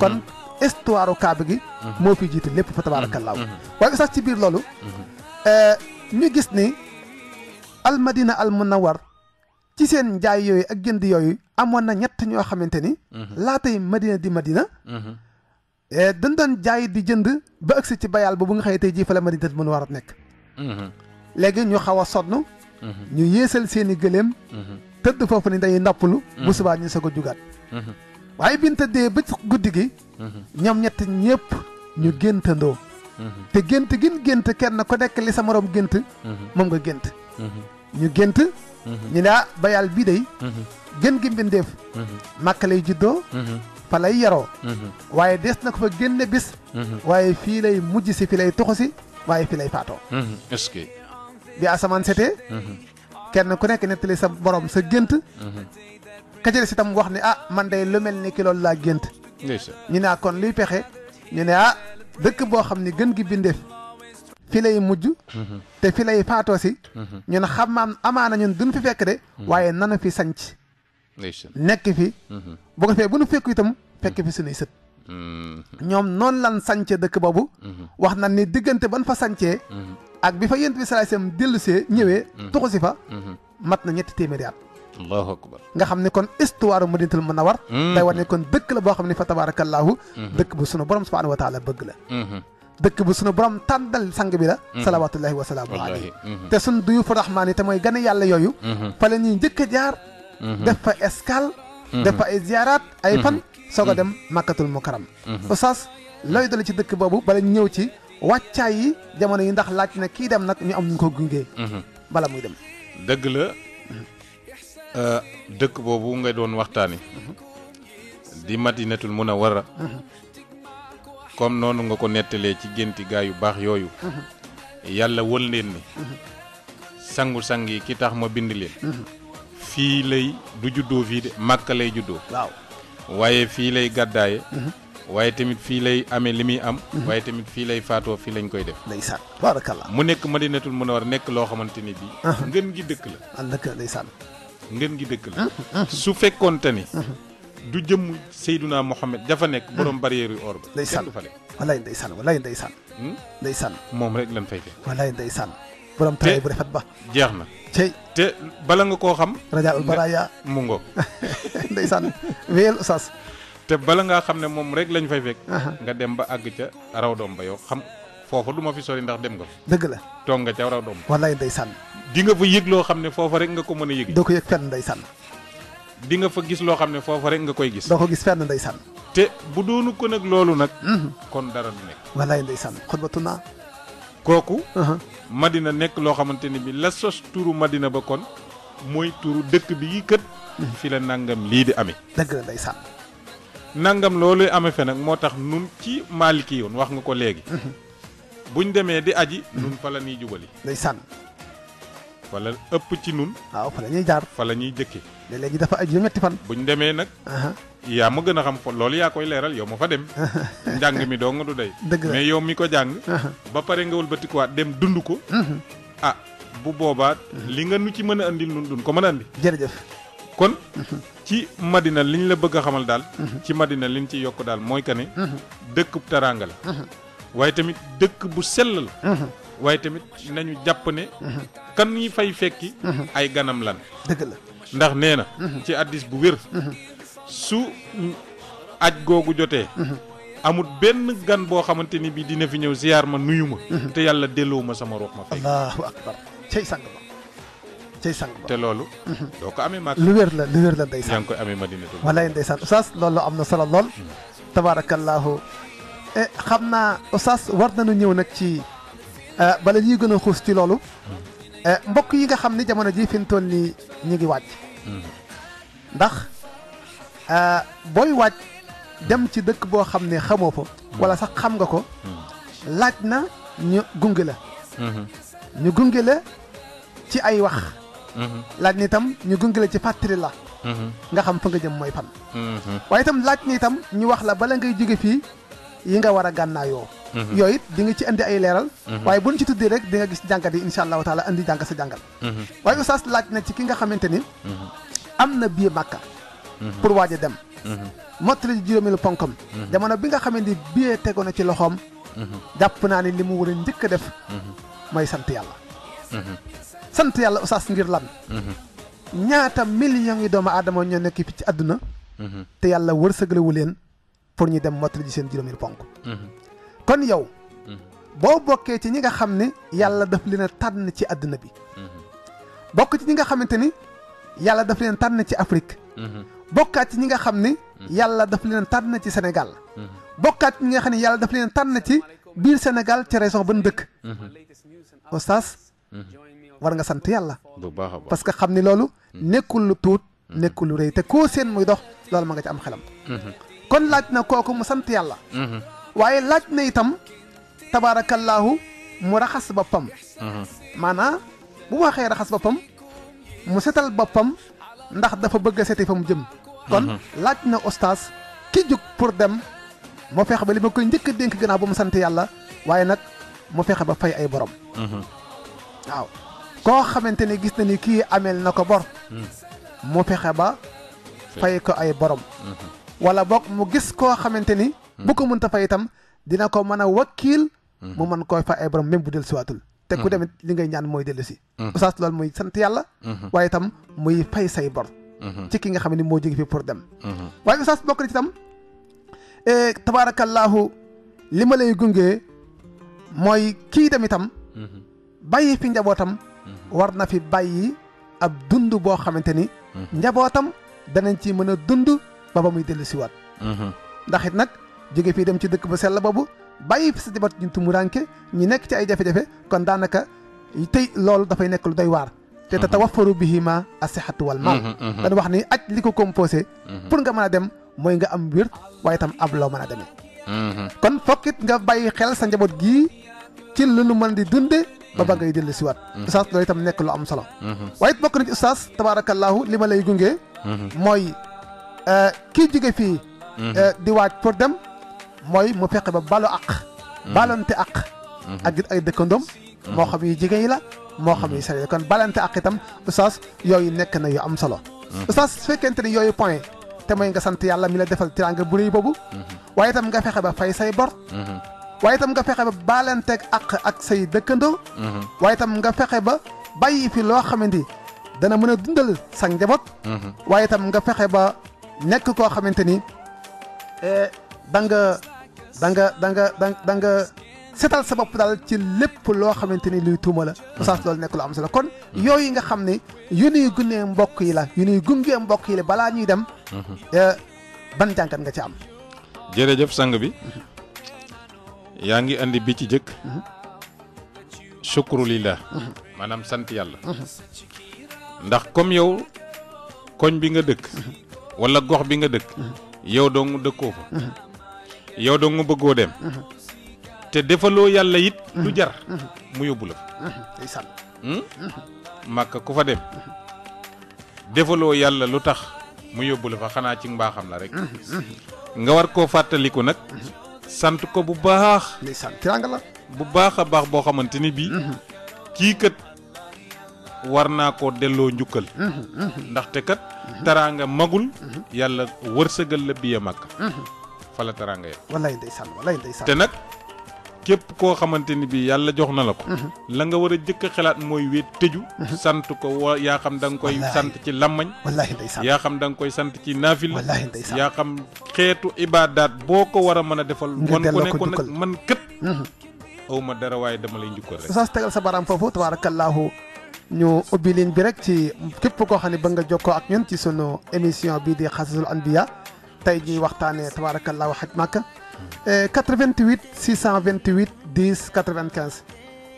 kon histoire Kaaba gi moo fi jiite lépp fa tabaarakallaahu waaye sax ci biir loolu eh, ñu gis ni almadina al munawar ci seen njaay yooyu ak jënd yooyu amoon na ñett ñoo xamante ni laatay madina di madina eh, dañ doon jaay di jënd ba ëgsi ci bayaal boobu nga xëy tey jii fa la madina di a nekk léegi ñu xaw a sonn. ñu yéesal seeni i gëléem. tëdd foofu ni dañuy nappalu. bu subaa ñu soog a jugaat. waaye bi ñu tëddee ba guddi gi. ñoom ñett ñëpp ñu te gént gin gént kenn ko nekk sa morom gént. moom nga gént. ñu gént. ñu ne ah bayal bii day. gën gi mbindeef. màkk lay juddoo. fa lay yaroo. waaye des na ko fa génne bis. waaye fii lay mujj si fi lay toxu si waaye fi lay faatoo. bi asamaan setee kenn ku nekk nettali sa borom sa gént ka ci des itam wax ne ah man day lu mel ni ki laa gént ñu ne ah, kon luy pexe ñu ne ah dëkk boo xam ne gën gi bindeef fi lay mujj te fi lay faatoo si xam xamaam amaana ñun duñ fi fekk de waaye nanu fi sanc nekk fi bu ko fee bu nu fekku itam fekk fi suñuy sët hmm. ñoom noonu lan sancee dëkk boobu hmm. wax na ni diggante ban fa sancee ak bi fa yent bi salaay sam dellusee ñëwee mhm. tuxu si fa mhm. mat na ñetti téeméeri at allahu akbar nga xam ne kon histoire madinatul munawar mhm. day war ne kon dëkk la boo xam ne fa tabaarakallaahu dëkk bu sunu borom subhaanahu wa bëgg la dëkk bu sunu borom tàndal sang bi la salawaatullahi wa salaamu alayhi te sun duyu fa rahmaan yi te mooy gane yàlla yooyu fa la ñuy njëkk a jaar def fa escale def fa ay ziyaaraat ay fan soog a dem màkkatul mukaram oustaz looy dale ci dëkk boobu bala ñëw ci wàccaay yi jamono yi ndax laaj na kii dem nag ñu am ñu ko gungee mhm. bala muy dem dëgg la mhm. euh, dëkk boobu nga doon waxtaani mhm. di madinatul munawwara comme noonu nga ko nettalee ci génti gaa yu baax yooyu yàlla wël leen ni sangu-sang yi ki tax ma bind leen fii lay du juddoo fii de màkka lay juddoo waaw waaye fii lay gàddaaye waaye tamit fii lay amee li am. Mhm. waaye tamit fii lay faatoo fii lañ koy def. ndeysaan barakallah mu nekk madinatul munawwar Nek loo xamante ni ah. ngeen gi dëkk la. ah dëkk ndeysaan. ngeen gi dëkk la. su fekkoonte ni. Ah. du jëmm Seyduna Mohamed dafa nekk borom barrière yu or ba. ndeysaan kenn du fa nekk. walaay ndeysaan walaay ndeysaan. Hmm? ndeysaan. rek lañ fay borom taay bu rafet ba. jeex na. te bala nga koo xam. rajaul baraya mu ngoog. ndeysaan wéyal oustaz. te bala ngaa xam ne moom rek lañu fay fekk. nga dem ba àgg ca raw doom ba yow xam foofa du ma fi sori ndax dem nga fa. dëgg la toog nga ca raw doom ba. wallaay ndeysaan. di nga fa yëg loo xam ne foofa rek nga ko mën a yëg. doo ko yëg fenn ndeysaan. di nga fa gis loo xam ne foofa rek nga koy gis. doo ko gis fenn ndeysaan. te bu doonu ko nag loolu nag. Mhm. kon dara du nekk. wallaay ndeysaan xutbatu naa. kooku. Madina nekk loo xamante ni bi la sos turu Madina ba mooy turu dëkk bi yi kët. Mhm. la nangam lii di amee. dëgg la ndeysaan. nangam loolu amé fe nak motax nun ci maliki yoon wax nga ko légui buñ démé di aji nun fa la ni jubali ndaysan wala ëpp ci nun waaw fa lañuy jaar fa lañuy jëkke lé légui dafa aji ñetti fan buñ démé nak yaa ma gën a xam loolu yaa koy leeral yow ma fa dem njàng mi dong du day mais yow mi ko jàng ba pare nga wëlbatikuwaat dem dund ko mhm. ah bu boobaa mhm. li nga nu ci mën andil nun dun ko mën andi jërëjëf kon mhm. ci Madina liñ la bëgg a xamal daal. Mhm. ci Madina li ñu ci yokk daal mooy que ne. Mhm. dëkk mhm. tamit dëkk bu sell la. waaye tamit nañu jàpp ne. kan ñi fay fekki. ay ganam lan. dëgg ndax nee na. ci addis bu wér. su aj googu jotee. amut benn gan boo xamante ni bii dina fi ñëw ziyaar ma nuyu ma. te yàlla delloo ma sama ruux ma fay. cay sang ba te loolu mhm. doo ko amee maak lu wér la lu wér la ndeysaan yaa ngi koy loolu am na solo lool mhm. tabaarakallaahu eh, xam naa oustaz war na nañu ñëw nag ci eh, bala ñuy gën a xuus ci loolu mhm. eh, mbokk yi nga xam ni jamono ji fi mu toll nii ñu ngi wàcc ndax booy wàcc dem ci dëkk boo xam ne xamoo fa wala sax xam nga ko laaj na ñu gunge la ñu gunge la ci ay wax Mm-hmm. laaj ni tam ñu gunge la ci fatri la nga xam fa nga jëm moy fan mm-hmm. waye tam laaj ni tam ñu wax la bala ngay jige fi yi nga wara a gànnaayoo mm-hmm. yooyu it di nga ci andi ay leral waye buñ ci tuddi rek di nga gis jàngat yi inshallah taala andi jàng sa jangal waye oustaz laaj na ci ki nga xamanteni amna bi na pour waaj dem mottali juróomeelu ponkam jamono bi nga xamanteni bi biir na ci loxom jàpp na ni limu wara ndik def mooy sant yalla sant yàlla oustaz ngir lan mm-hmm. ñaatam millions yi doomu aadama ñoo nekk fi ci àdduna mm-hmm. te yàlla wërsëgalewu leen pour ñu dem mottali ji seen juróomi ponk mm-hmm. kon yow boo bokkee ci ñi nga xam ne yàlla daf leen a tànn ci àdduna bi bokk ci ñi nga xamante ni yàlla daf leen tànn ci Afrique bokkaat ci ñi nga xam ni yàlla daf leen tànn ci Sénégal bokkaat ci ñi nga xam ne yàlla daf leen tànn ci biir Sénégal ci région ban dëkk war nga sant yàlla. bu baax a parce que xam ni loolu. nekkul lu tuut. Hmm. nekkul lu rëy te koo seen muy dox loolu ma nga ci am xelam. Hmm. kon laaj na kooku mu sant yàlla. Hmm. waaye laaj na itam tabaarakallaahu mu raxas boppam. maanaa bu waxee raxas boppam mu setal boppam ndax dafa bëgg a sete fa mu jëm. kon laaj na ostaas ki jóg pour dem moo fexe ba li ma koy njëkk a dénk gannaaw ba mu sant yàlla waaye nag mu fexe ba fay ay borom. waaw. koo xamante ne gis na ni kii ameel na ko bor hmm. mu fexe ba fay ko ay borom hmm. wala boog mu gis koo xamante ni hmm. bu ko mënta fay itam dina ko mën a wakkiil mu mën koy fay ay borom même bu del siwaatul te ku demit li ngay ñaan mooy dellu si oustaz loolu muy sant yàlla waaye itam muy fay say bor ci ki nga xam ne moo jóge fi pour dem waaye oustaz bokk na ci itam eh, tabaarakallaahu li ma lay gunge mooy kii dem itam fi njabootam war na fi bàyyi ab dund boo xamante ni mhm. njabootam danañ ci mën a dund ba ba muy dellu siwaat mhm. ndax it nag jóge fii dem ci dëkk ba bu sell boobu bàyyi fi sa jabat ñu tumuranke ñu nekk ci ay jafe-jafe kon daanaka tey loolu dafay nekk lu doy waar te te mhm. tatawafaru bihima asihatu wal maal dañ wax ni aj li ko composé pour nga mën a dem mooy nga am wér waaye tam ab loo mën a demee kon fokkit nga bàyyi xel sa njaboot gii ci lu nu mën di dunde ba ba ngay dellu siwaat mm-hmm. ustaas loolu itam nekk lu am solo mm-hmm. waaye bokk na ci ustaas tabaarakallaahu li ma lay gunge mm-hmm. mooy euh, kii jóge fi euh, di waaj pour dem mooy mu fexe ba balu ak balante ak ak ay dëkkandoom moo xam yi jigéen yi la moo xam yi sare kon balante ak itam ustaas yooyu nekk na yu am solo ustaas su fekkente ni yooyu point te mooy nga sant yàlla mi la defal tiraanga bu réy boobu waaye itam nga fexe ba fay say bor waaye tam nga fexe ba baalanteeg àq ak say dëkkandoo. Mhm. waaye tam nga fexe ba bàyyi fi loo xamante ni dana mën a dundal sa njaboot. Mhm. waaye itam nga fexe ba nekk koo xamante ni eh, da nga da nga da da nga setal sa bopp daal ci lépp loo xamante ni luy tuuma la. oustaz mhm. loolu nekk lu am solo kon. yooyu nga xam ne yu nuy gunnee mbokk yi la yu nuy gungee mbokk yi la balaa ñuy dem. Eh, ban jàngat nga ci am. jërëjëf sang bi. yaa ngi indi bi ci jëkk shukru lillah maanaam sant yàlla ndax comme yow koñ bi nga dëkk wala gox bi nga dëkk yow dong dëkkoo fa yow dong bëggoo dem te defaloo yàlla it lu jar mu yóbbu la fa hmm? màkk ku fa dem defaloo yàlla lu tax mu yóbbu la fa xanaa ci mbaaxam la rek nga war koo fàttaliku nag sant ko bu baax. mais sant la. bu baax a baax boo xamante ni bii. Mm-hmm. kii kat war naa ko delloo njukkal. Mm-hmm, mm-hmm. ndaxte kat. teraanga magul. yàlla wërsëgal la biya màkk. fa la teraanga yem. wallaay ndeysaan wallaay ndeysaan te nag. képp koo xamante ni bii yàlla jox na la ko. Mhm. la nga war a jëkk a xalaat mooy wéet tëju. Mhm. sant ko wa yaa xam da koy sant ci lammañ. wallaahi ndeysaan yaa xam da nga koy sant ci naafil. wallaahi ndeysaan yaa xam xeetu ibaadaat boo ko war a mën a defal. won ko nekk ko nag man kët. Mhm. aw ma dara waaye dama lay njukkal rek. sa tegal sa baaraam foofu tabaarakallaahu ñu ubbi ligne bi rek ci képp koo xam ne ba nga ko ak ñun ci sunu émission bii di xasasul anbiya tey jii waxtaanee tabaarakallaahu xaj màkk 88 628 10 95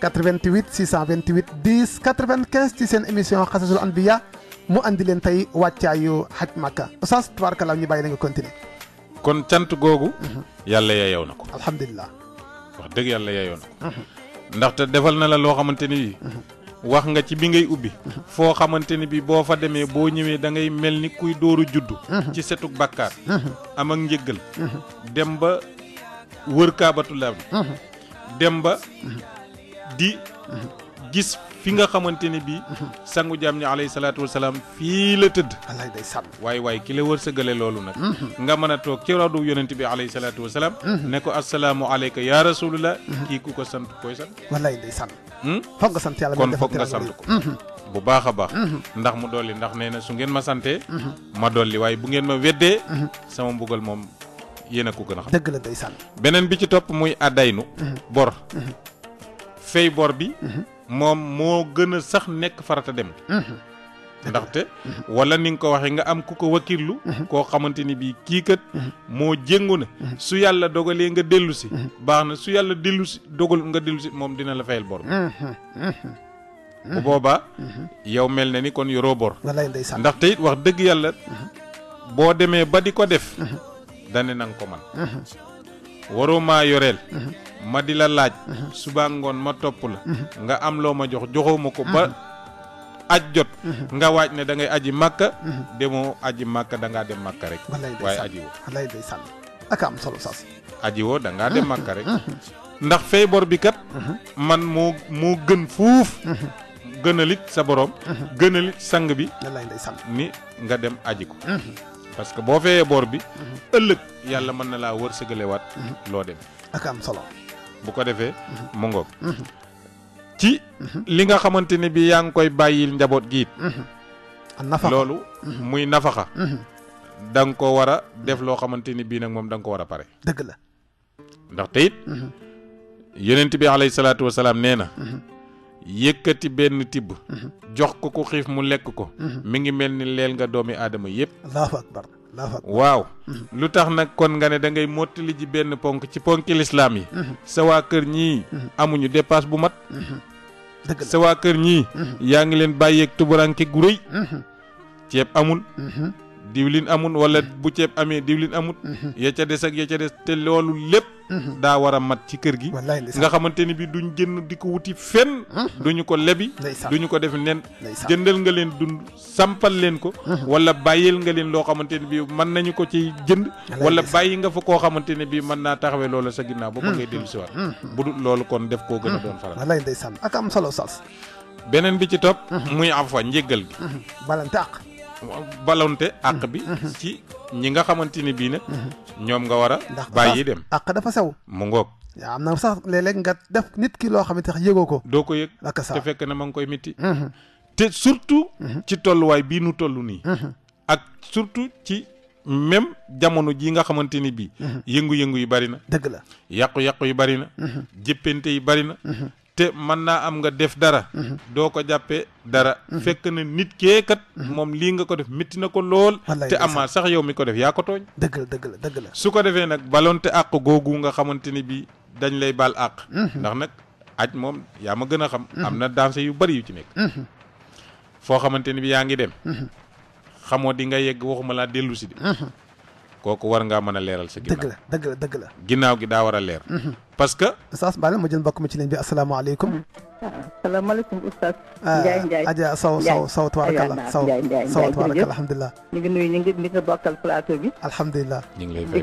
88 628 10 95 ci seen émission xasasul anbiya mu andi leen tey wàccaayu xaj màkka oustaz tubaarkalla ñu bàyyi la nga continuer kon cant googu mhm. yàlla yeyow na ko alhamdulilah wax dëgg yàlla yeyow na ko mhm. ndaxte defal na la loo xamante ni mhm. wax nga ci bi ngay ubbi foo xamante ni bi boo fa demee boo ñëwee dangay mel ni kuy dóoru juddu ci setuk bàkkaar am ak njëggal dem ba wër kaabatullaam dem ba di gis fi nga xamante ni bii. sangu jaam ñi alayhi salaatu wa fii la tëdd. wallaay waaye waaye ki la wërsëgale loolu nag. Mhm. nga mën a toog ci raadu yonent bi alayhi salaatu wa salaam. Mhm. ne ko asalaamu aleyka ya rasulullah. Mhm. kii ku ko sant koy sant. wallaay day sàmm. Hmm? foog nga sant yàlla kon foog nga sant ko. bu baax a baax. ndax mu dolli ndax nee na su ngeen ma santee. ma dolli waaye bu ngeen ma weddee. sama mbugal moom yéen a ko gën a xam. la day sàmm. beneen bi ci topp muy àddaynu. bor. fay bor bi. moom moo gën a sax nekk farata dem ndaxte wala ni nga ko waxee nga am ku ko wakiirlu koo xamante ni bii kii kat moo jéngu na su yàlla dogalee nga dellu si baax na su yàlla dellusi dogal nga dellu moom dina la fayal bor bu boobaa yow mel na ni kon yoroo bor ndaxte it wax dëgg yàlla boo demee ba di ko def dane na ko man waroo maa yoreel. ma di la laaj. suba ngoon ma topp la. nga am loo ma jox joxoo ma ko ba. aj jot nga waaj ne da ngay aji màkka demoo aji màkka dangaa dem màkka rek waaye aji woo wallaay day sànn ak da ngaa dem màkka rek ndax fay bor bi kat man moo moo gën fuuf gënalit sa borom gënalit sang bi wallaay day sànn ni nga dem aji ko parce que boo feyee bor bi mhm. ëllëg yàlla mën na laa wërsëgalewaat mhm. loo dem ak am solo bu ko defee mhm. mu ngoog ci li nga xamante ne bi yaa ngi koy bàyyil njaboot gi it nafaxa loolu muy nafaxa da nga ko war a def loo xamante ni bii nag moom da nga ko war a pare dëgg la ndax te it yonent bi alayhi salaatu wasalaam nee na yëkkati benn tibb. Mhm. jox ko ku xiif mu lekk ko. mu mhm. ngi mel ni leel nga doomi aadama yëpp. allahu waaw. Mhm. lu tax nag kon nga ne da ngay mottali ji benn ponk ci ponki lislaam yi. sa waa kër ñii. amuñu dépasse bu mat. dëgg sa waa kër ñii. yaa ngi leen bàyyeeg tuburanke gu rëy. ceeb amul. diwlin amul wala bu ceeb amee diwlin amut mhm. ya ca des ak ya des te loolu lépp mhm. daa war a mat ci kër gi nga xamante ni bi duñ génn di ko wuti fenn mhm. duñu ko lebi duñu ko def nen jëndal nga leen dund sampal leen ko wala bàyyil nga leen loo xamante ne bi mën nañu ko ci jënd wala bàyyi nga fa koo xamante ne bi mën naa taxawee loola sa ginnaaw ba ba ngay dellu siwaat bu dul loolu kon def koo gën a doon faral wallaay ndeysaan ak am solo sas beneen bi ci topp muy afa njéggal gi balonte àq bi mhm. Mhm. ci ñi nga xamante ni bii nag mhm. ñoom nga war a bàyyi dem àq dafa sew mu ngoog waaw am na sax léeg nga def nit ki loo xamante ne yëgoo ko doo ko yëg te fekk ne ma ngi koy métti te surtout ci tolluwaay bii nu toll nii ak surtout ci même jamono ji nga xamante ni bii yëngu-yëngu yi bari na dëgg la yàqu-yàqu yi bari na yi bari na te mën naa am nga def dara mhm. doo ko jàppee dara mhm. fekk na nit keekat mhm. moom lii nga ko def métti na ko lool te amaa sax yow mi ko def yaa ko tooñ dëgg la dëgg la su ko defee nag balonte àq googu nga xamante ni bi dañ lay baal àq ndax nag aj moom yaa ma gën a xam am na danse yu bari yu ci nekk foo xamante ni bi yaa ngi dem xamoo di nga yegg waxuma laa dellusi de kooku war ngaa mën a leeral sa ginnaaw dëgg dëgg dëgg la ginnaaw gi daa war a leer mhm. parce que oustaz Mbaye ma jël mbokk mi ci ligne bi asalaamaaleykum asalaamaaleykum oustaz ah, Ndiaye Ndiaye Adja Sow Sow Sow tabarakallah Sow Sow tabarakallah ñu ngi nuyu ñu ngi bokkal plateau bi alhamdulilah ñu ngi lay fay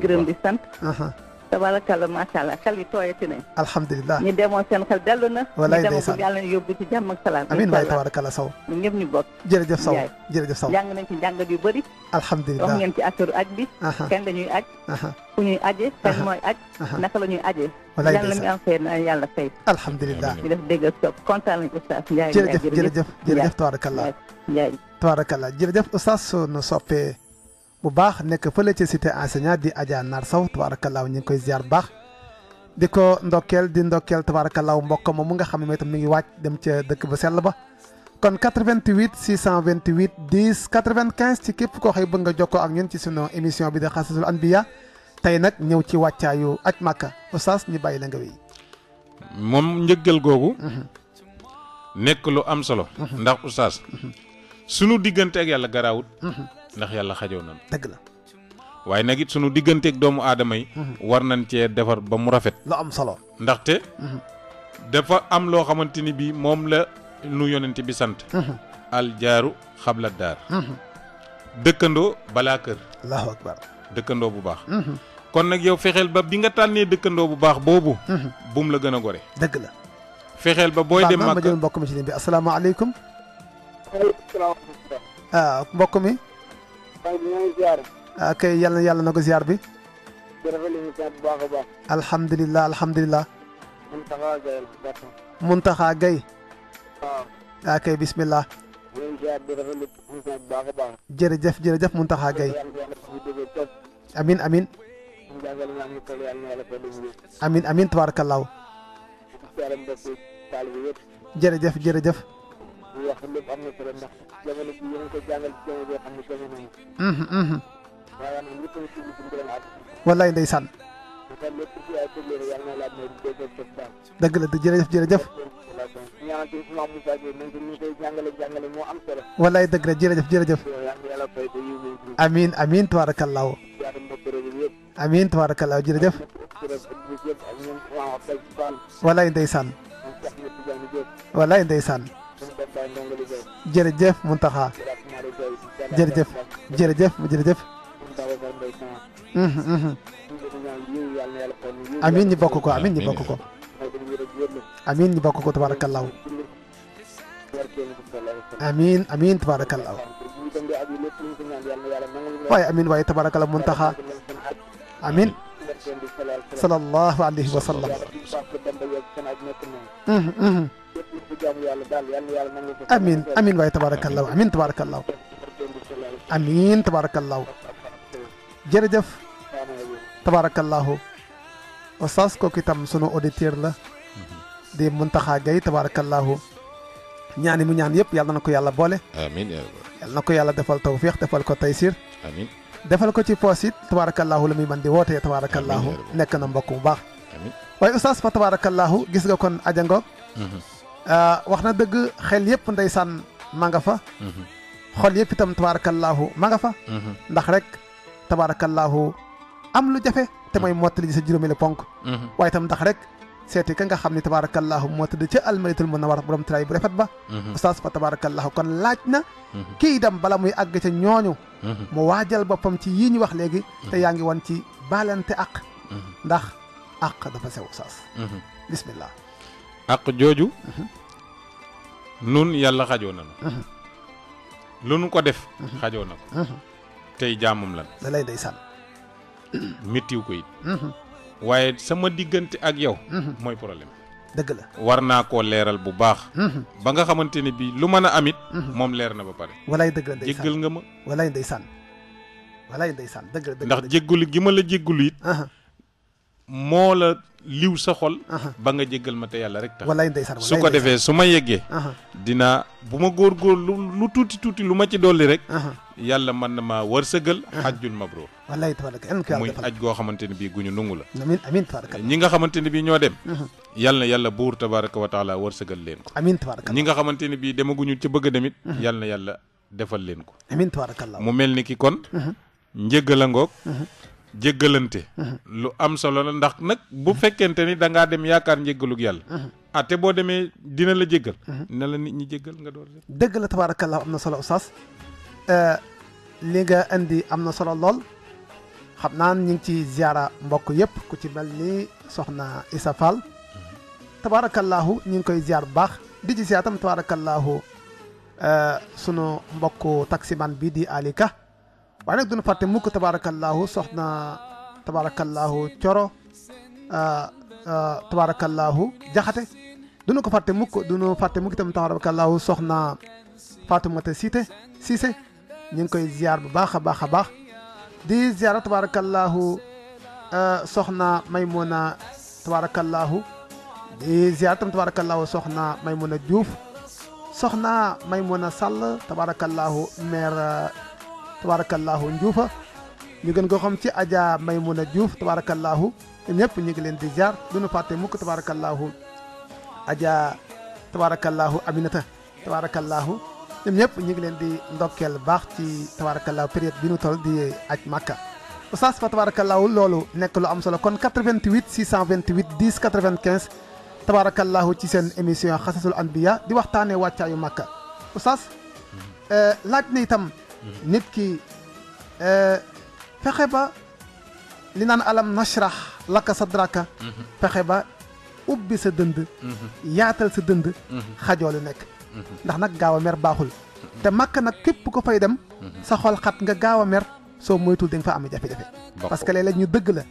tabarakallah macha allah xel bi tooyati nañ alhamdulilah ñu demoon seen xel dellu na walaay ñu demoon yàlla ñu yóbbu ci jàmm ak salaam amin waay tabarakallah saw ya. ñu ñëpp ñu bokk jërëjëf saw jërëjëf saw jàng nañ ci jàngat yu ya. bëri alhamdulilah wax ngeen ci affaire aj bi kañ dañuy aj fu ñuy aje kañ mooy aj naka la ñuy aje yàlla mi am fay na yàlla fay alhamdulilah ñu def dégg stop kontaan nañ oustaz jërëjëf jërëjëf jërëjëf jërëjëf oustaz soppee bu baax nek fele ci cité enseignant di Adja Nar saw tabarakallah ñu koy ziar baax di ko di ndokel tabarakallah mbokk mo mu nga xam ne tam mi ngi wacc dem ci dëkk bu sel ba kon 88 628 10 95 ci kep ko xey bëgg nga joko ak ñun ci sunu émission bi di xasasul anbiya tey nag ñëw ci wàccaayu aj màkka oustaz ñu bàyyi la nga mhm. lu am solo mhm. ndax oustaz mhm. sunu digënté ak yalla garawut ndax yàlla xajoo nañu. dëgg la. waaye nag it sunu digganteeg doomu aadama yi. Mhm. war nañ cee defar ba mu rafet. lu am solo. ndaxte. Mhm. dafa am loo xamante ni bii moom la nu yonent bi sant. Mhm. aljaaru xabla daar. dëkkandoo balaa kër. allahu akbar dëkkandoo bu baax. kon nag yow fexeel ba bi nga tànnee dëkkandoo bu baax boobu. bum la gën a gore. dëgg la. fexeel ba booy dem. ak mbokk mi ci ligne ah, mbokk mi. Baye bi na ko ziar bi. di rafetlu émission bi bu baax bismillah. di leen ziar di rafetlu émission bi amin amin. amin amin tabaarakallaahu. jërëjëf jërëjëf. li wax lépp am na solo ndax jamono bi yéen ko jàngal jamono yoo xam ne jamono yi. waaye nag lépp lu tudd suñu borom ak. wallaay ndeysaan. dafa lépp ci ay problème yàlla na laaj mooy déggoo cëf daal. dëgg la jërëjëf jërëjëf. ñaanante suma Moussa Gueye nañ ko ñu koy jàngale jàngale moo am solo. wallaay dëgg la jërëjëf jërëjëf. جرجف منتخا جرجف جرجف جرجف امين نباكوكو امين نباكوكو امين نباكوكو تبارك الله امين امين تبارك الله واي امين واي تبارك الله منتخا امين صلى الله عليه وسلم amin amin waay tabaarakallaahu amin tabaarakallaahu amin tabaarakallaahu jërëjëf tabaarakallaahu oustaz kooku itam sunu auditeur la mhm. di Muntaxa Gay tabaarakallaahu ñaani mu ñaan yëpp yàlla na ko yàlla boole amin yàlla na ko yàlla defal tawfiix defal ko taysir amin defal ko ci poos it tabaarakallaahu la muy man di wootee tabaarakallaahu nekk na mbokk bu baax waaye oustaz fa tabaarakallaahu gis nga kon ajango mhm. Euh, wax na dëgg xel yëpp ndeysaan ma nga fa mm-hmm. xol yëpp itam tabaarakallaahu ma nga fa mm-hmm. ndax rek tabaarakallaahu am lu jafe te mooy mm-hmm. mottali ji sa juróomi la ponk waaye itam ndax rek seeti ka nga xam ne tabaarakallaahu moo tëdd ca almaritul munawar borom tiraay bu rafet ba oustaz ba tabaarakallaahu kon laaj na kii itam bala muy àgg ca ñooñu mu waajal boppam ci yii ñu wax léegi te yaa ngi woon ci baalante ak ndax aq dafa sew oustaz àq jooju nun yàlla xajoo na lu nu ko def xajoo na ko tey jaamum lan da day sànn méttiw ko it waaye sama diggante ak yow mooy problème dëgg la war naa ko leeral bu baax ba nga xamante ni bii lu mën a amit moom leer na ba pare walaay dëgg la jéggal nga ma walaay ndeysaan walaay ndeysaan dëgg la ndax jéggalu gi ma la jéggalu it moo la liw sa xol. ba nga jéggal ma te yàlla rek tax. walaay ndeysaan su ko defee su ma yeggee. dina bu ma góor góor lu tuuti tuuti lu ma ci dolli rek. yàlla mën na maa wërsëgal. xajjul mabroor. walaay tabaraka muy aj goo xamante ne bii guñu nungu la. amiin amiin tabaraka ñi nga xamante ne bii ñoo dem. yàlla na yàlla buur tabaraka wa taala wërsëgal leen ko. amiin tabaraka ñi nga xamante ne bii demaguñu ca bëgg a demit. yàlla yàlla defal leen ko. mu mel ni ki kon. njëgg la ngoog jéggalante uh-huh. lu am solo la ndax nag bu uh-huh. fekkente ni dangaa dem yaakaar njéggalug yàlla uh-huh. ah boo demee dina la jéggal ne la nit ñi jéggal nga door dëgg la tabaarakallaa am na solo sas euh, li nga indi am na solo lool xam naan ñu ngi ci ziara mbokk yëpp ku ci mel ni soxna Issa Fall tabaarakallaahu ñu ngi koy ziar bu baax di ci ziar tam tabaarakallaahu euh, sunu mbokk taximan bi di Alika waaye nag duñu fàtte mukk tabaarakallaahu soxna tabaarakallaahu coro ah, ah, tabaarakallaahu jaxate duñu ko fàtte mukk duñu fàtte mukk itam tabaarakallaahu soxna Faatumata Siise Siise ñu ngi koy ziar bu baax a baax a baax di ziar tabaarakallaahu ah, soxna Maymuna tabaarakallaahu di ziar tam may soxna Maymuna Diouf soxna Maymuna Sàll tabaarakallaahu maire tabarakallahu njufa ñu gën go xam ci aja maymuna djuf tabarakallahu ñepp ñi ngi leen di jaar ñu fàtte mukk tabarakallahu aja tabarakallahu aminata tabarakallahu ñepp ñëpp ñu ngi leen di ndokkel baax ci tabarakallahu période bi ñu toll di aj makka oustaz fa tabarakallahu loolu nekk lu am solo kon 88 628 10 95 tabarakallahu ci seen émission xasasul anbiya di waxtaane wàccaayu makka oustaz mm-hmm. euh, laaj na itam nit ki eh, fexe ba li naan alam nashrah laka sadraka mhm. fexe ba ubbi sa dënd mhm. yaatal sa dënd mhm. lu nekk ndax nag gaaw a mer baaxul te makk nag képp ko fay dem sa xol xat nga gaaw a mer soo moytul da fa am jafe-jafe parce que léeg-léeg ñu dëgg la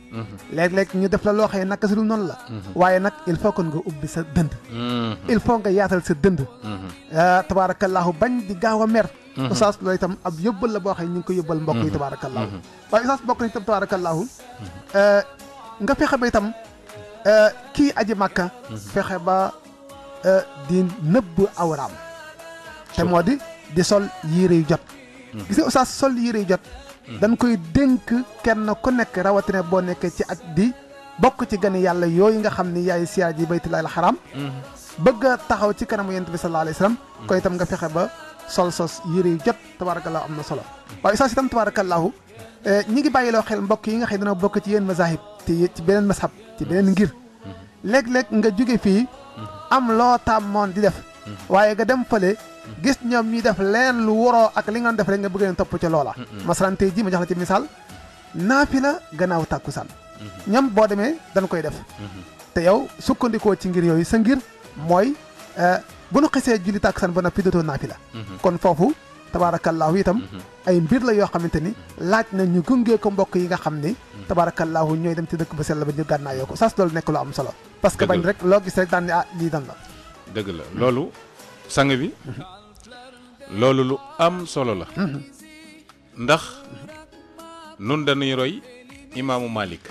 léeg-léeg ñu def la loo yi naka si lu noonu la waaye nag il faut que nga ubbi sa dënd il faut nga yaatal sa dënd eh, tabaarakallaahu bañ di gaaw a mer Mm-hmm. oustaz la itam ab yóbbal la boo xam ne ñu ngi ko yóbbal mbokk yi mm-hmm. tabaarakallaahu mm-hmm. waaye oustaz bokk nañ itam tabaarakallaahu eh, nga fexe ba itam eh, kii aji màkka fexe ba eh, di nëbb awraam te moo di di sol yére yu jot gis nga sol yére yu jot dañ koy dénk kenn ku nekk rawatina boo nekkee ci at di bokk ci gane yàlla yooyu nga xam ni yaay siyaar ji baytullahi al xaram bëgg taxaw ci kanamu yonent bi sallallahu alayhi wa sallam koy tam nga fexe ba sol sos yiri jot tabarakallah amna na solo waaye saas itam tabarakallah eh, ñi ngi bayilo xel mbokk yi nga xey dana bokk ci yeen mazahib ci ci benen mashab ci benen ngir mhm. leg leg nga joge fi mhm. am lo tamon di def mhm. waye ga dem fele gis ñom ñi def leneen lu woro ak li nga def rek nga bëgg leen top ci loola masran tay ji ma jox la ci misal nafila gannaaw takusan ñoom bo dañ koy def te yow sukkandiko ci ngir yoy sa ngir eh, bu nu xesee julli san ba noppi dootoo la mhm. kon fofu tabarakallah itam mhm. ay mbir la yo xamanteni mhm. laaj na ñu gungé ko mbokk yi nga xamni tabarakallah ñoy dem ci dekk ba sel ba ñu yo ko nek lu am solo parce que bañ rek lo gis rek ah, li dan la deug la lolu, sang bi lolu lu am solo la ndax nun dañuy roy imam malik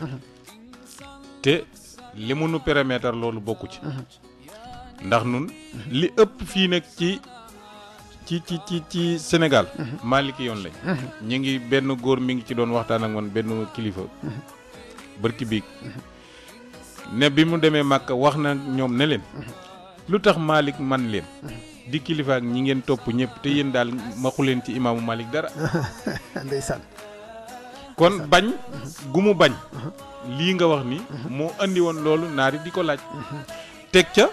te limunu nu permettre lolu bokku ci ndax nun li ëpp fii nag ci ci ci ci ci Sénégal. maaliki mhm. yoon lañ. Mhm. ñu ngi benn góor mi ngi ci doon waxtaan ak man benn kilifa. Mhm. bërki biig ne bi mu demee Màkka wax na ñoom ne leen. lu tax Malick man leen. di kilifa ñi ngeen topp ñëpp te yéen daal maxu leen ci imaamu Malick dara. ndeysaan. kon bañ gu mu bañ. lii nga wax ni. moo indi woon loolu naari di ko laaj. teg ca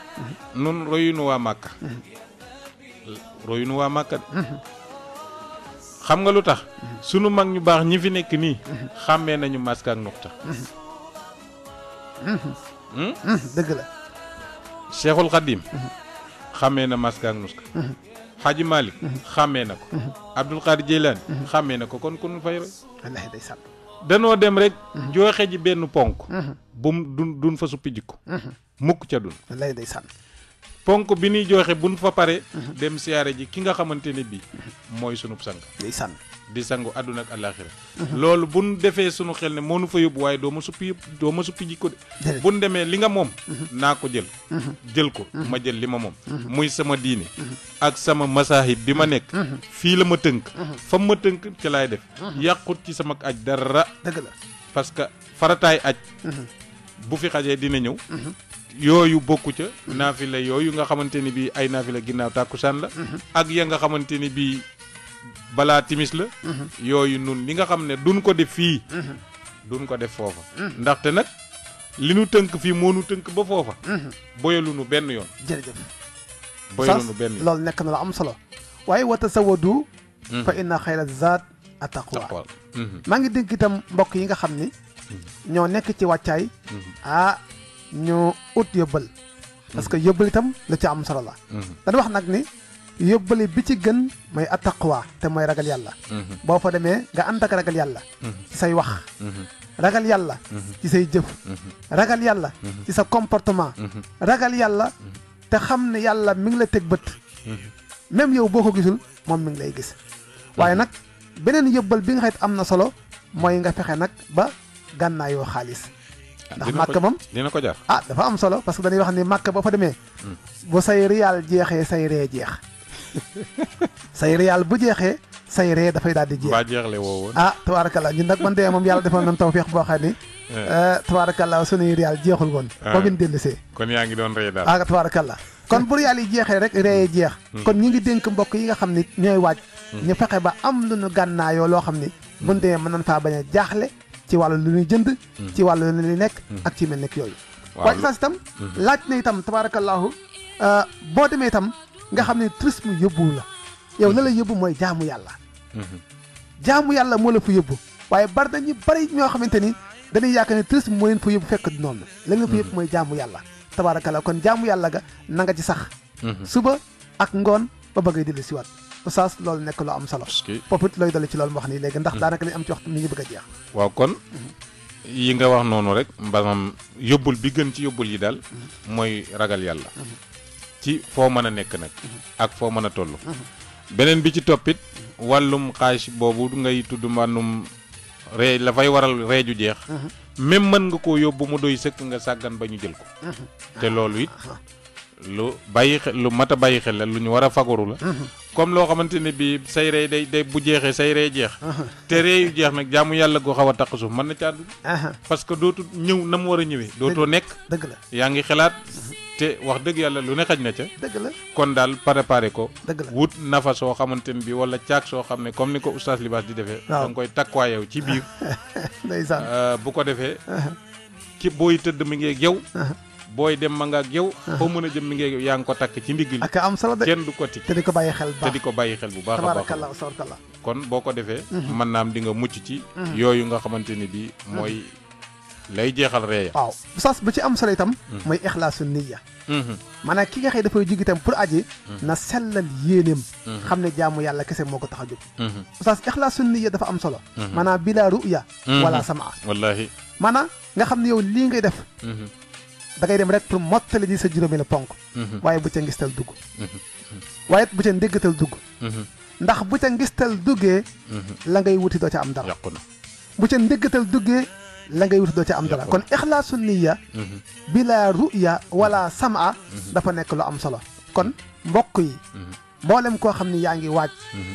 nun royunu wa makka royunu wa makka xam nga lutax sunu mag ñu bax ñi fi nek ni xamé nañu maska ak nokta hmm? deug la cheikhul qadim xamé na maska ak nokta haji malik xamé nako abdul qadir jilan xamé nako kon kun fay day sabbu danoo dem rek. Mhm. jooxe ji benn ponk. Mhm. bu mu dun fa suppi jikko. Mhm. mukk ca dun. lay day ponk bi ñuy jooxe nu fa pare. dem siyaare ji ki nga xamante ne bii mooy sunub sang. day di sangu àdduna ak àllaaxira loolu bu nu defee sunu xel ne moo nu fa yóbbu waaye doo ma suppi yëpp doo ma suppi ji ko de bu nu demee li nga moom mhm. naa ko jël mhm. jël ko mhm. ma jël li ma moom muy sama diine ak sama masaahib bi ma nekk fii la ma tënk fa ma tënk ci laay def yàqut ci sama aj dara dëgg la que farataay aj bu fi xajee dina ñëw yooyu bokku ca naafila yooyu nga xamante ni bii ay naafila ginnaaw tàkkusaan la ak ya nga xamante ni bii Bala timis la mhm. yoyu nun li nga xamne duñ ko def fi mhm. duñ ko def mhm. ndax te nak li nu teunk fi mo nu teunk ba fofa boyelu nu ben yoon jërëjëf nu ben lol nek na la am solo wa tasawadu fa inna khayra zat ataqwa ma ngi dénk itam mbok yi nga xamne ño nek ci waccay ah ño ut yebal, parce que yëbbal itam la ci am solo la wax nak ni yóbbale bi ci gën mooy attaqwa te mooy ragal yàlla mhm. boo fa demee nga ànd ak ragal yàlla mhm. ci say wax mhm. ragal yàlla ci say jëf ragal yàlla ci sa comportement ragal yàlla te xam ne yàlla mi ngi la teg bët même yow boo ko gisul moom mi ngi lay gis waaye nag beneen yóbbal bi nga xayit am na solo mooy nga fexe nag ba gànnaayoo xaalis ah, ndax màkk moom dina ko jaar ah dafa am solo parce que dañuy wax ni màkk ba fa demee mm. bu say riyal jeexee say ree jeex say réal bu jeexee say ree dafay daal di jeex ba jeexle woowoon ah tabaarakallaa ñun nag man dee moom yàlla defal nañ tawfeex boo xam ne eh. eh, tabaarakallaa sunuy réal jeexul woon ba eh. bin dellisee kon yaa ngi doon ree daal ah kon bu réal yi jeexee rek ree jeex hmm. Hmm. kon ñi ngi dénk mbokk yi nga xam ne ñooy waaj hmm. ñu fexe ba am lu ñu gànnaayoo loo xam ni bu ñu demee mën nañ faa bañ a jaaxle ci wàllu lu ñuy jënd ci wàllu lu li nekk ak ci mel nekk yooyu waaj saas itam laaj na itam boo demee itam nga xam ne trisme ya la yow la la yóbbu mooy jaamu yàlla jaamu yàlla moo la fa yóbbu waaye bar dañu bari ñoo xamante ni dañuy yaakaar ne trisme moo leen fa yóbbu fekk noonu la nga fa yóbbu mooy jaamu yàlla tabarakala kon jaamu yalla ga na nga ci sax mhm. suba ak ngoon ba bëgg dellu siwaat oustaz loolu nekk lu am solo popit looy dolli ci loolu wax ni léegi ndax mhm. daanaka ni am ci waxtu mi ngi bëgg jeex waaw kon mhm. yi nga wax noonu rek mbanam yóbbul bi gën ci yóbbul yi daal mooy ragal yàlla ci foo mën a nekk nag ak foo mën a toll beneen bi ci toppit wàllum xaalis boobu ngay tudd mbàndum ree la fay waral ree ju jeex même mën nga koo yóbbu mu doy sëkk nga sàggan ba ñu jël ko te loolu it lu bàyyi xel lu mat a bàyyi xel la lu ñu war a fagaru la comme loo xamante ne bii say rey day day bu jeexee say rey jeex te rey jeex nag jaamu yàlla goo xaw a taq suuf mën na caa dugg parce que dootu ñëw na mu war a ñëwee dootoo nekk yaa ngi xalaat te wax dëgg yàlla lu ne xaj na ca. dëgg la kon daal préparé ko. dëgg la wut nafa soo xamante ni bi wala caag soo xam ne comme ni ko oustaz Libaas di defee. da nga koy takkaayew ci biir. ndeysaan euh, bu ko defee. ki uh-huh. booy tëdd mu ngi ak yow. Uh-huh. booy dem ma nga ak yow. Uh-huh. foo mën a jëm mi ngi yaa ngi ko takk ci ndigg li. ak am solo de kenn du ko ti te di ko bàyyi xel bu baax ko bàyyi xel bu baax a baax kon boo ko defee. mën naa am di mucc ci. yooyu nga xamante ni bi mooy. lay jeexal reeya waaw sas bu ci am solo itam hmm. mooy ixlaasu niyya hmm. maanaam ki nga xëy dafay jug itam pour aji hmm. na sellal yéeneem xam ne jaamu yàlla kese moo ko tax a jóg sas ixlaasu niyya dafa am solo maanaam bila ruya wala a wallaahi maanaam nga xam ne yow lii ngay def dangay ngay dem rek pour mottali ji sa juróomi la ponk waaye bu ca ngistal dugg waaye bu ca ndéggatal dugg ndax bu ca ngistal duggee la ngay wuti doo ca am dara bu ca ndéggatal duggee la ngay wut doo ca am dara kon ixlaasu niya mhm. bila ruya wala sama mhm. dafa nekk lu am solo kon mbokk yi mhm. mboolem koo xam ni yaa ngi waaj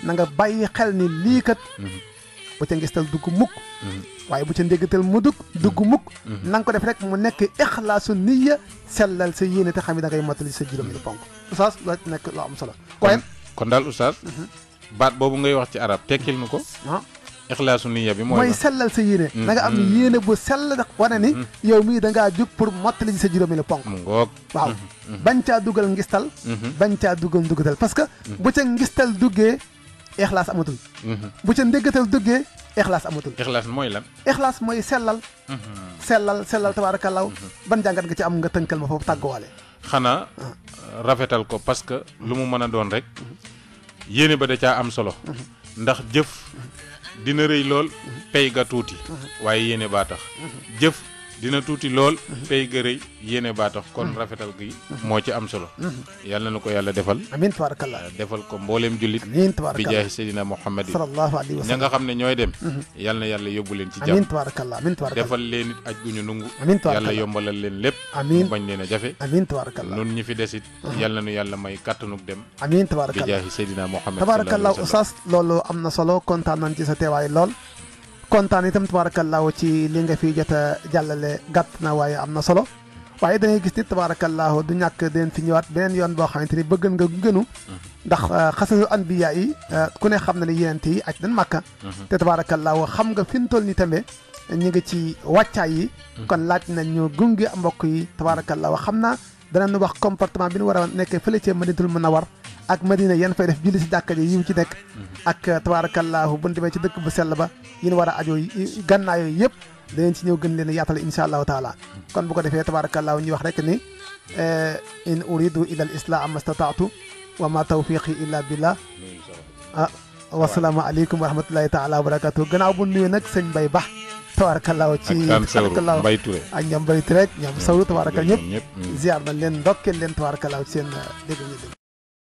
na nga bàyyi xel ni lii kat bu ca ngistal dugg mukk waaye bu ca ndéggatal mu dugg dugg mukk na nga ko def rek mu nekk ixlaasu niya sellal sa yéene te xam ne da ngay mottali sa juróom yi ponk oustaz loo nekk lu am solo kon kon daal oustaz baat boobu ngay wax ci arab tekkil nu ko ah. ixlaasu niyya bi mooy sellal sa yene da nga am yéene bu sell nag wane ni yow mii da ngaa jug pour mottali ji sa juróomi la ponk ngoog waaw bañ caa dugal ngistal bañ caa dugal ndugatal parce que bu ca ngistal duggee ixlaas amatul bu ca ndéggatal duggee ixlaas amatul ixlaas mooy lan ixlaas mooy selal sellal sellal tabaarakallaah ban jàngat nga ci am nga tënkal ma foofu tàgguwaale xanaa rafetal ko parce que lu mu mën a rek ba da am solo ndax jëf dina rëy lool pay ga tuuti mm-hmm. waaye yéene baa tax jëf dina tuuti lool. Mhm. pay gërëy yéene baa tax kon mhm. rafetal gi. Mhm. moo ci am solo. yàlla na ko yàlla defal. amiin tabarakallah euh, defal ko mbooleem jullit. amiin tabarakallah bi jaay Seydina Muhammad. sallallahu alayhi wa sallam ña nga xam ne ñooy dem. yàlla na yàlla yóbbu leen ci jàmm. amiin tabarakallah amiin tabarakallah defal leen it aj gu ñu nungu. amiin tabarakallah yàlla yombalal leen lépp. amiin bañ leen a jafe. amiin tabarakallah nun ñi fi des it. yàlla na yàlla may kattanug dem. amiin tabarakallah bi jaay Seydina Muhammad. tabarakallah oustaz loolu am na solo kontaan nañ ci sa teewaay lool kontaan itam tabaarakallaahu ci li nga fi jot a jàllale gàtt na waaye am na solo waaye dañuy gis ni tabaarakallaahu du ñàkk deen fi ñëwaat beneen yoon boo xamante ni bëgg nga gënu mm-hmm. ndax euh, xasanu bi yi euh, ku ne xam na ne yenente a aj dan màkka mm-hmm. te tabaarakallaahu xam nga fi mu toll nii tamit ñu ngi ci wàccaay yi mm-hmm. kon laaj na ñu a mbokk yi tabaarakallaahu xam naa danañu wax comportement bi ñu war a nekkee fële ci a Munawwar ak madina yan fay def julli si jàkka ji yiw ci nekk ak tabaarakallaahu bu ñu demee ci dëkk bu sell ba yin war a ajoo gànnaa yooyu yëpp danañ ci ñëw gën leen yaatal insha allahu taala kon bu ko defee tabaarakallaahu ñuy wax rek ni eh, in uridu ila al islaam mastataatu wa ma tawfiqi illa billah ah wasalaamaaleykum wa rahmatullahi taala wa barakatu gannaaw bu nuyoo nag sëñ Mbay Ba tabaarakallaahu ci tabaarakallaahu ak ñoom Mbay Touré ñoom sawru mm. tabaarakallaahu ñëpp mm. ziar na leen ndokkeel leen tabaarakallaahu ci seen uh, dégg ñu dégg